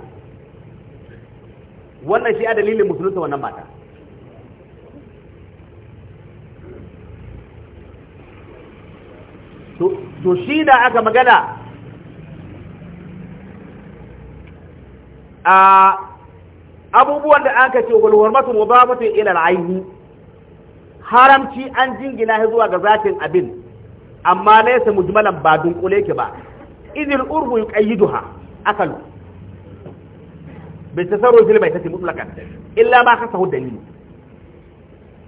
wannan shi a dalilin musulunta wannan mata to shi da aka magana a abubuwan da aka ce walwar matu mudafatu ila al haramci an jingina zuwa ga zatin abin amma laysa mujmalan ba dunkule ke ba idil urbu yuqayyiduha akalu bai tasarru fil mai tati mutlaqan illa ma kasahu dalil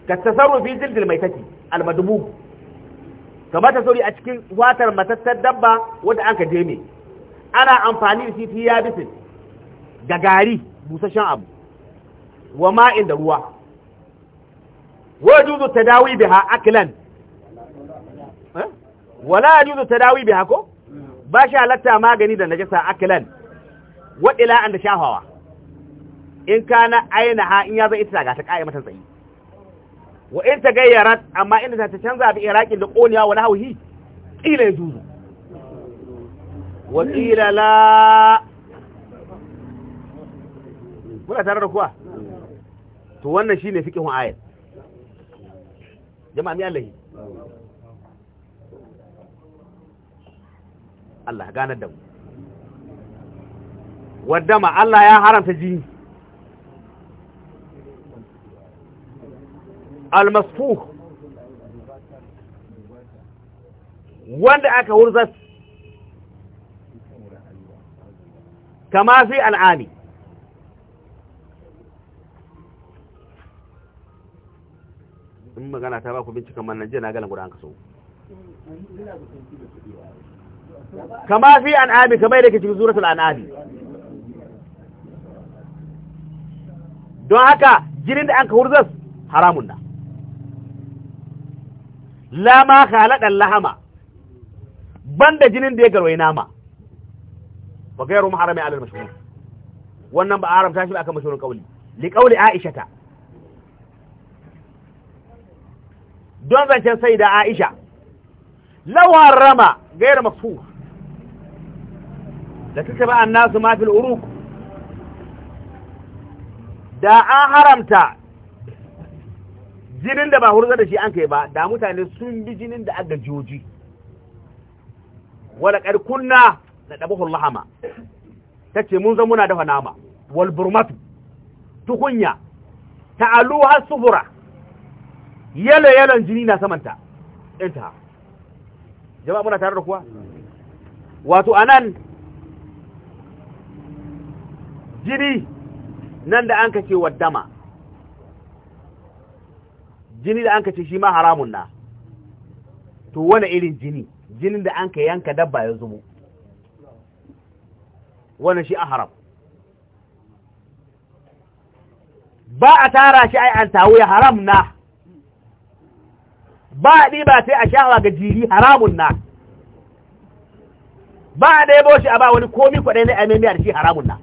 ka tasarru fi zildil mai tati al-madmum kamar ta sauri a cikin watar matattar dabba wanda an ka jeme ana amfani da shi ya bisin ga gari busasshen abu wa ma'in da ruwa wa juzu tadawi biha aklan eh? wala juzu tadawi biha ko ba shi halatta magani da najasa aklan wa ila an da shahawa in kana aina ha in ya zai ita ga ta kai mata tsayi wa in ta gayyara amma inda ta canza bi iraqin da qoniya wa nahwihi qila yajuzu wa qila la kula tare da kuwa to wannan shi ne fiqhun ayat jama'a mi Allah Allah ganar da mu wadda ma Allah ya haramta jini almasfuh wanda aka hurzas kama fi al'ali in magana ta ba ku bincika mannan jiya na guda an kaso kama fi al'ami kama da ke cikin suratul al'ami don haka jirin da an ka hurzas haramun na lama khaladan lahama banda jinin da ya garwaye nama wa gairu muharrami alal mashhur wannan ba haramta shi ba akan mashhurin kauli li kauli aisha ta don zancen sai da aisha law rama gairu mafu. da ta ba annasu ma fil uruq da an haramta jinin da ba hurza da shi an kai ba da mutane sun bi jinin da aga joji wala karkunna na dabahu lahama tace mun zan muna dafa nama wal burmatu tukunya ta'alu has sufura yalo yalon jini na samanta inta jama'a muna tare da kuwa wato anan jini nan da an kace wa dama jini da an ka ce shi ma haramun na to wani irin jini jinin da an ka yanka dabba ya zubo wani shi a haram ba a tara shi ai an tawo ya haram na ba a ɗiba sai a sha'awa ga jiri haramun na ba a ɗaibo shi a ba wani komi kwaɗai na amemiya da shi haramun na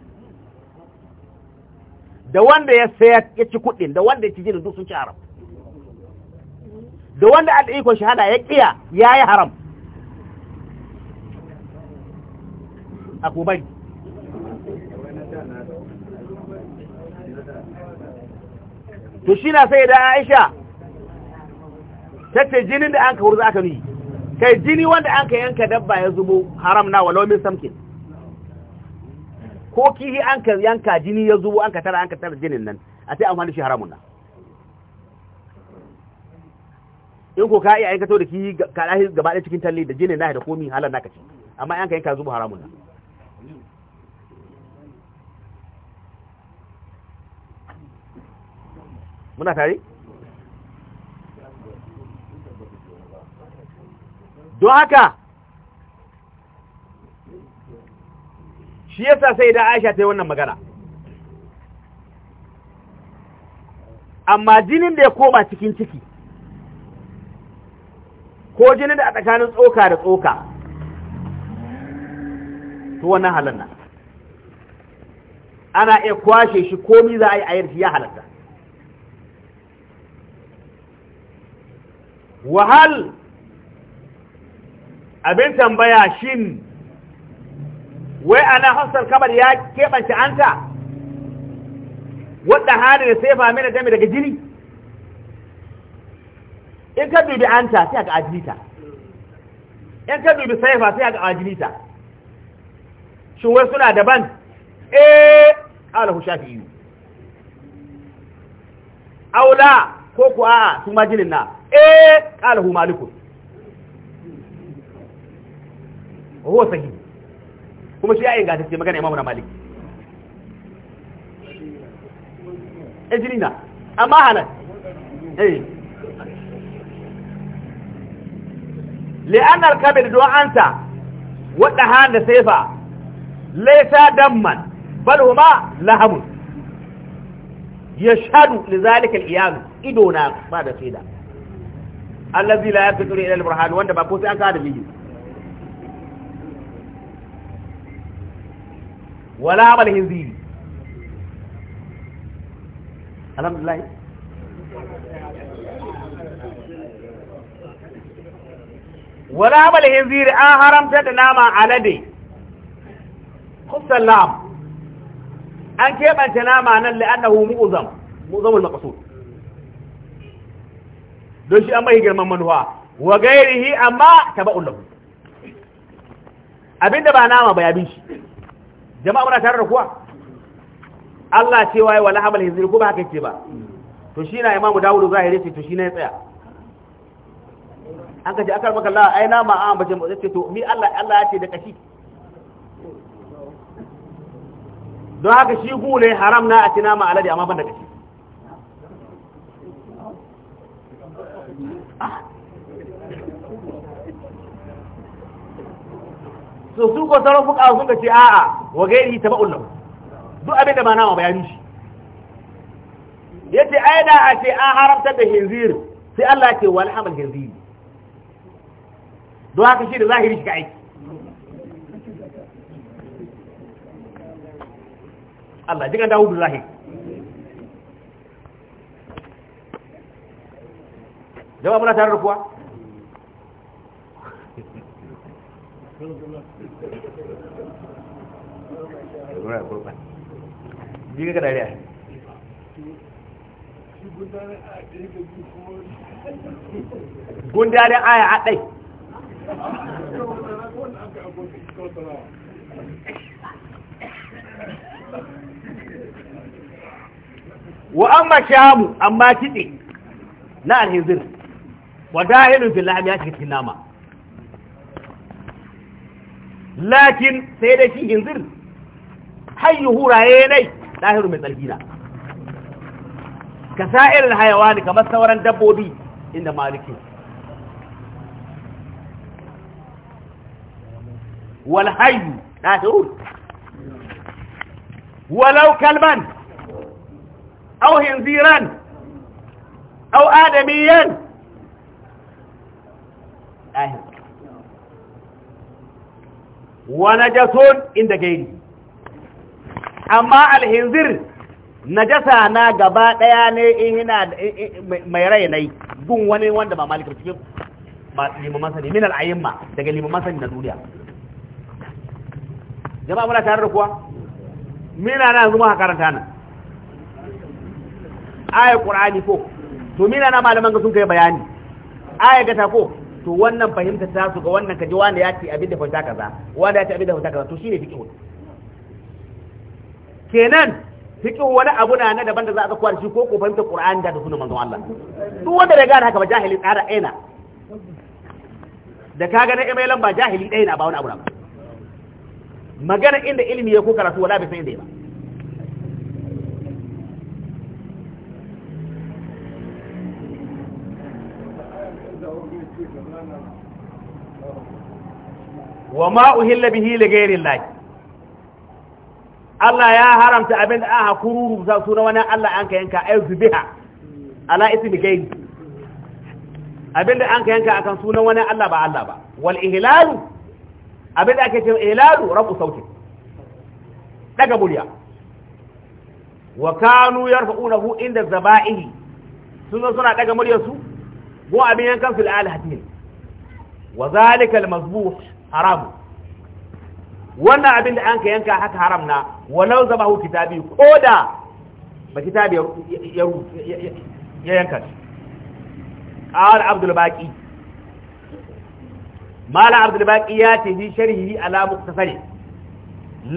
da wanda ya sayar ya ci kuɗin da wanda ya ci jinin duk sun ci haram da wanda a ikon shahada ya kiya ya yi haram a kubari to shi na sai da aisha tattai jinin da an ka wurza aka nuyi kai jini wanda an ka yanka dabba ya zubo haram na walau min samkin ko kihi an ka yanka jini ya zubo an ka tara an ka tara jinin nan a sai amfani shi haramun nan in ko ka iya aikato da ki ka lahi gaba ɗaya cikin talle da jini na da komi halar naka ci amma yanka yanka zuba haramun nan muna tare don haka shi yasa sai da aisha ta yi wannan magana amma jinin da ya koma cikin ciki ko jini da a tsakanin tsoka da tsoka to wannan halin ana iya kwashe shi komi za a yi ayar shi ya halatta wahal abin tambaya shin wai ana hasar kamar ya keɓance anta wadda hali da sai fami da dami daga jini in ka dubi anta sai ga ajilita in ka dubi saifa sai ga ajilita shin wai suna daban eh alahu shafi'i aula ko ku a su majinin na eh alahu maliku ho sahih kuma shi ya ce magana imamu na maliki eh, ejilina amma halal eh li'annar kabir don ansa wadda hana saifa laisa damman bal huma lahamun yashhadu lidhalika al-iyam ido na ba da shaida allazi la yaqdiru ila ilal burhan wanda ba ko sai an ka da biyu wala bal hinziri alhamdulillah wala amal hinziri an haramta da nama alade kusallam an keɓance nama nan la'annahu mu'zam mu'zamul maqsud don shi an mai girman manuwa wa gairihi amma taba'un lahu abinda ba nama ba yabin shi jama'a muna tare da kuwa Allah cewa wala amal hinziri ko ba haka ce ba to shi na imamu dawudu zahiri ce to shi na ya tsaya an kace akar maka Allah ai nama an bace mu sai to mi Allah Allah ya ce da kashi don haka shi gule haram na a ci nama alade amma ban da kashi so su ko sauran fuka sun ka ce a'a wa gairi ta ba'un lahu duk abin da ba nama bayanin shi yace ai da a ce an haramta da hinzir sai Allah ce wal hamal hinzir don haka shi da zahiri shi ka aiki Allah jikan Dawudu zahiri jama'a muna tare da kuwa ka dariya gundarin aya a wa amma shamu amma kitse na alhizir wa da'ilun fil lahmi cikin nama lakin sai da shi hinzir hayyu huraye nai dahiru mai kasa ka sa'irin hayawani kamar sauran dabbobi inda maliki wal na tahur walau kalban aw hinziran aw adamiyan tahir wa inda gairi amma alhinzir najasa na gaba daya ne in yana mai rainai gun wani wanda ba malikin cikin limaman sani min ma daga limaman sani na duniya jama'a muna tare da kuwa mina na zuwa karanta nan aya qur'ani ko to mina na malaman ga sun kai bayani aya gata ko to wannan fahimta ta su ga wannan kaji wanda ya abin da fahimta kaza wanda ya abin da fahimta kaza to shine fiqh kenan fiqh wani abu na na daban da za a zakwa shi ko ko fahimta qur'ani da sunan manzon Allah duk wanda ya gane haka ba jahili tsara aina da ka ga na imailan ba jahili ɗaya na ba wani abu na ba magana inda ilimi ya ko karatu wala bai san inda ya ba wa ma uhilla bihi li ghairi Allah Allah ya haramta abin da aka kururu za su na wani Allah an ka yanka ay zubiha ala ismi gairi abin da an ka yanka akan sunan wani Allah ba Allah ba wal ihlalu abin da ake cewa ilalu rabu sautin daga murya wa kanu yarfa'unahu inda zaba'ihi sun zo suna daga muryar su go abin yankan fil alhatin wa zalika almazbuh haram wannan abin da an ka yanka haka haram na walau zabahu kitabi koda ba kitabi ya yanka shi qala abdul baqi malam abdul baqi ya ce bi sharhi ala muktasari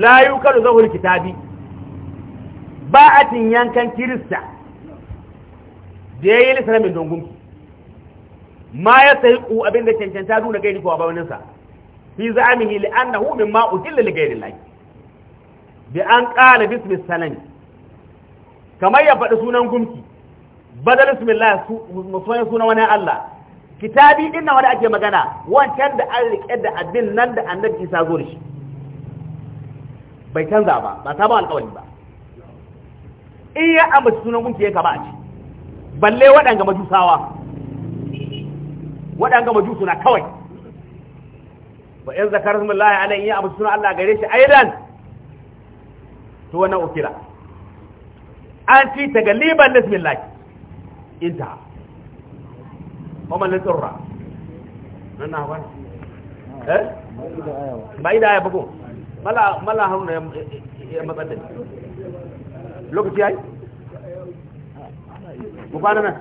la yukalu zahul kitabi ba'atin yankan kirista da yayi lisan min dongum ma ya sahiqu abin da cancanta duna gairi ko babanin sa fi za'amihi li'annahu mimma udilla li ghayri llahi bi an qala bismi salami kamar ya faɗi sunan gumki badal bismillah su sunan wani Allah kitabi din nan wanda ake magana wancan da an rike da abin nan da annabi isa zo da shi bai canza ba ba sabon alƙawari ba in ya ambaci sunan gunki ya kaba a ci balle waɗanga majusawa waɗanga majusu na kawai ba in zakar sun lahi in ya ambaci sunan Allah gare shi aidan to wannan ukira an ci ta tagaliban bismillah intaha ومن اضطر ننا وانا eh yi eh? da aya ba ko mala mala hauna ya ne. lokaci ai ku kwana nan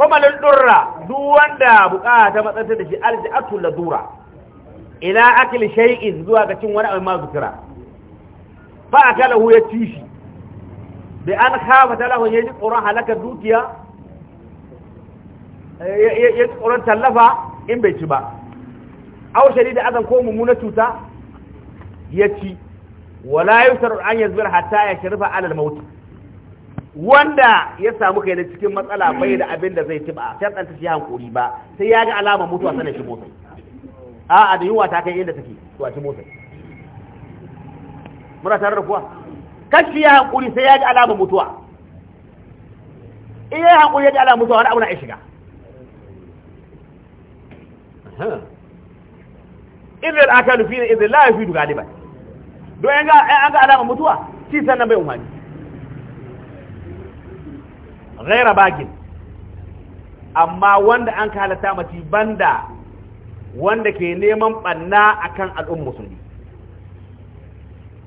famalin durra duwanda wanda bukata matsanta da shi alji alja'atul ladura ila akil shay'in zuwa ga cin wani abu ma zukira fa akalahu ya ci shi bi an khafa talahu yaji tsoron halaka dukiya ya tsoron tallafa in bai ci ba aw shadida azan ko mummuna cuta ya ci wala yusar an yazbir hatta ya shirfa alal mauti wanda ya samu kai na cikin matsala bai da abin da zai ci ba sharɗanta shi hankuri ba sai ya ga alama mutuwa sanin shi motsai a'a da yunwa ta kai inda take to a ci motsai muna tare da kuwa kashi ya hankuri sai ya ji alamar mutuwa in ya hankuri ya ji alamar mutuwa wani abu na shiga idan aka nufi ne inda la yafi duga liban don yanga an ga alamar mutuwa Ci sannan bai umarni ghaira bagin amma wanda an kalata mace banda wanda ke neman banna akan al'ummar musulmi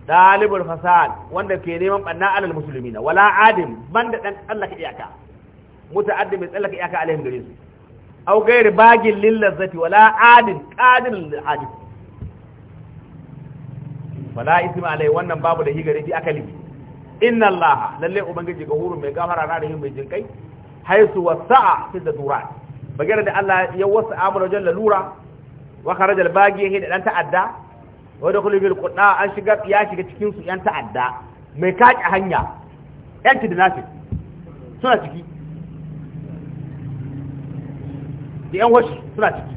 dalibul fasad wanda ke neman banna alal muslimina wala adim da ɗan tsallaka iyaka mutu mai tsallaka iyaka alaihim gare su aw gairi bagin lil lazzati wala adin kadin lil adif wala isim alai wannan babu da higare fi akali inna allaha lalle ubangiji gahurun mai gafara na yin mai jinkai haisu wasa'a fi durat bagare da Allah ya wasa amara jalla lura wa kharaja al-baghi da dan ta'adda wadda kulubin kuɗa an shiga ya shiga cikinsu 'yan ta'adda mai kaƙi hanya 'yan kidnapping suna ciki da 'yan washi suna ciki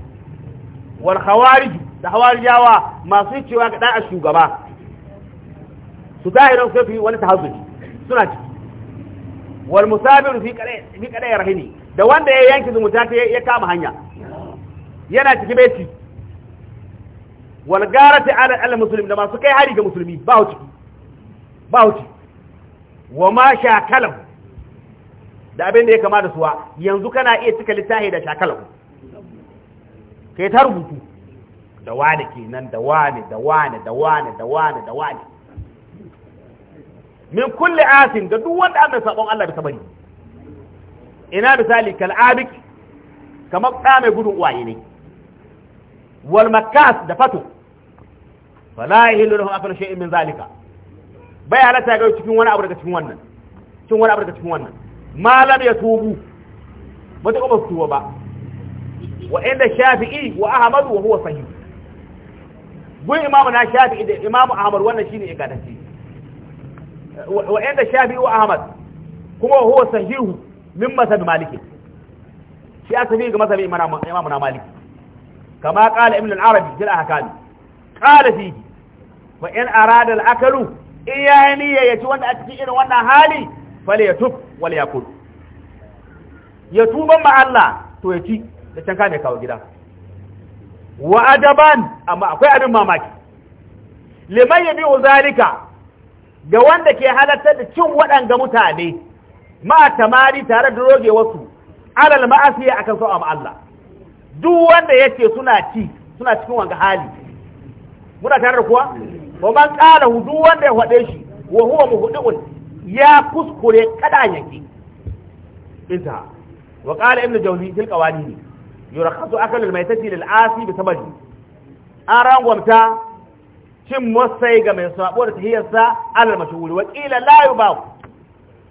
wal hawariju da hawarijawa masu cewa kaɗa a shugaba su zahiran su fi wani tahazzuji suna ciki wal musabiru fi kaɗai rahini da wanda ya yanki zumunta ya kama hanya yana ciki beti wal garati ala al muslim da masu kai hari ga musulmi ba hu ba hu ciki wa ma shakalahu da abin da ya kama da suwa yanzu kana iya cika littafi da shakalahu kai ta rubutu da wani kenan da wani da wani da wani da wani da wani min kulli asin da duk wanda Allah sabon Allah da sabari ina misali kal abik kamar da mai gudun uwaye ne والمكاس دفته da fato له اكل شيء من ذلك min zalika bai cikin wani abu daga cikin wannan cikin wani abu daga cikin wannan malam ya tubu ba ta basu tuba ba wa inda shafi'i wa ahmad wa huwa sahih gun imamu na shafi'i da imamu ahmad wannan shine ikatacce wa inda shafi'i wa ahmad kuma huwa sahihu min masal maliki shi asabi ga masal imamu na maliki كما قال ابن العربي في الأحكام قال فيه وإن أراد الأكل إياني يتوان أتكئن وانا هالي فليتوب وليأكل يتوب مع الله تويتي لتنكامي كاو جدا وأدبان أما أكوي أبن ماماكي liman yabi'u zalika ga wanda ke halartar da cin waɗanga mutane ma tamari tare da roge wasu alal ma'asi akan so amma Allah duk wanda yake suna ci suna cikin wanga hali muna tare da kuwa ba man qala duk wanda ya faɗe shi wa huwa muhdiun ya kuskure kada yake inta wa qala ibn jawzi fil qawanin yurakhasu akal al maytati lil asi bi sababi an cin musai ga mai sabo da tahiyarsa alal mashhuri wa qila la yubaw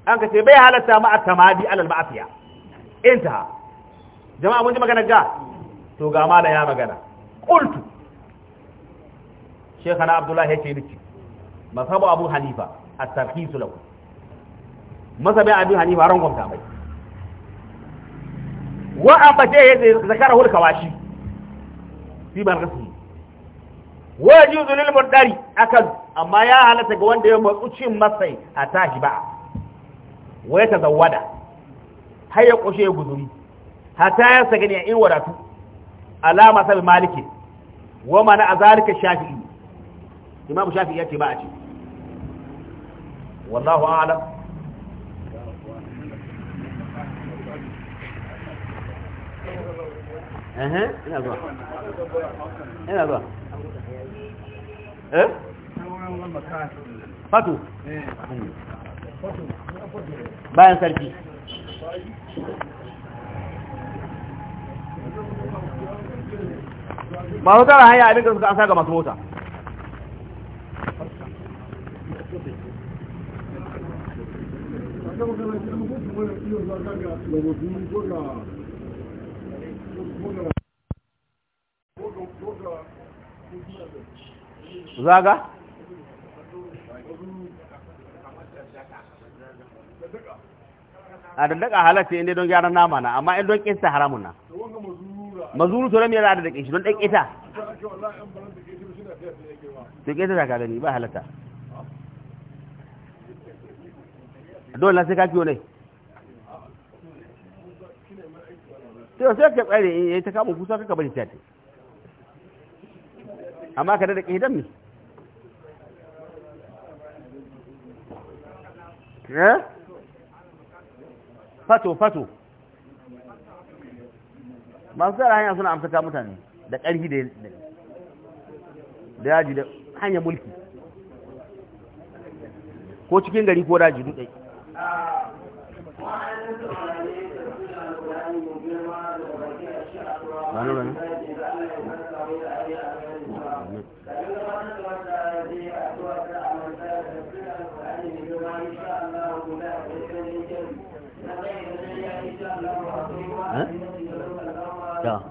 an ka bai halatta ma at-tamadi alal ma'afiya inta jama'a mun ji magana ga to ga mala ya magana qultu na abdullahi yace ni masabu abu hanifa at-tarhis lahu masabi abu hanifa gonta mai wa abaje zakara hul kawashi fi rasmi wa yajuzu lil murdari akan amma ya halata ga wanda ya matsuci masai a tashi ba wa ya tazawwada har ya kushe guzuri hatta ya a in wadatu alama sabi maliki wa mana a zalika shafi'i imam shafi'i yake ba a ce wallahu alam ina zuwa ina zuwa eh fatu eh. bayan sarki masu tara hanya abin da suka an ga masu mota zaga a daddaka halatta inda don gyara nama na amma in don kinsa haramun na mazuru to lamiyar da dakin shi don dan ita to kinsa ta gani ba halatta don na sai ka kiyo ne to sai ka tsare eh, in ta kama kusa ka bari ta amma ka da idan mi eh fato fato masu tsara hanya suna amsata mutane da ƙarfi da yaji da hanyar mulki ko cikin gari ko daji dutse Manu, manu. da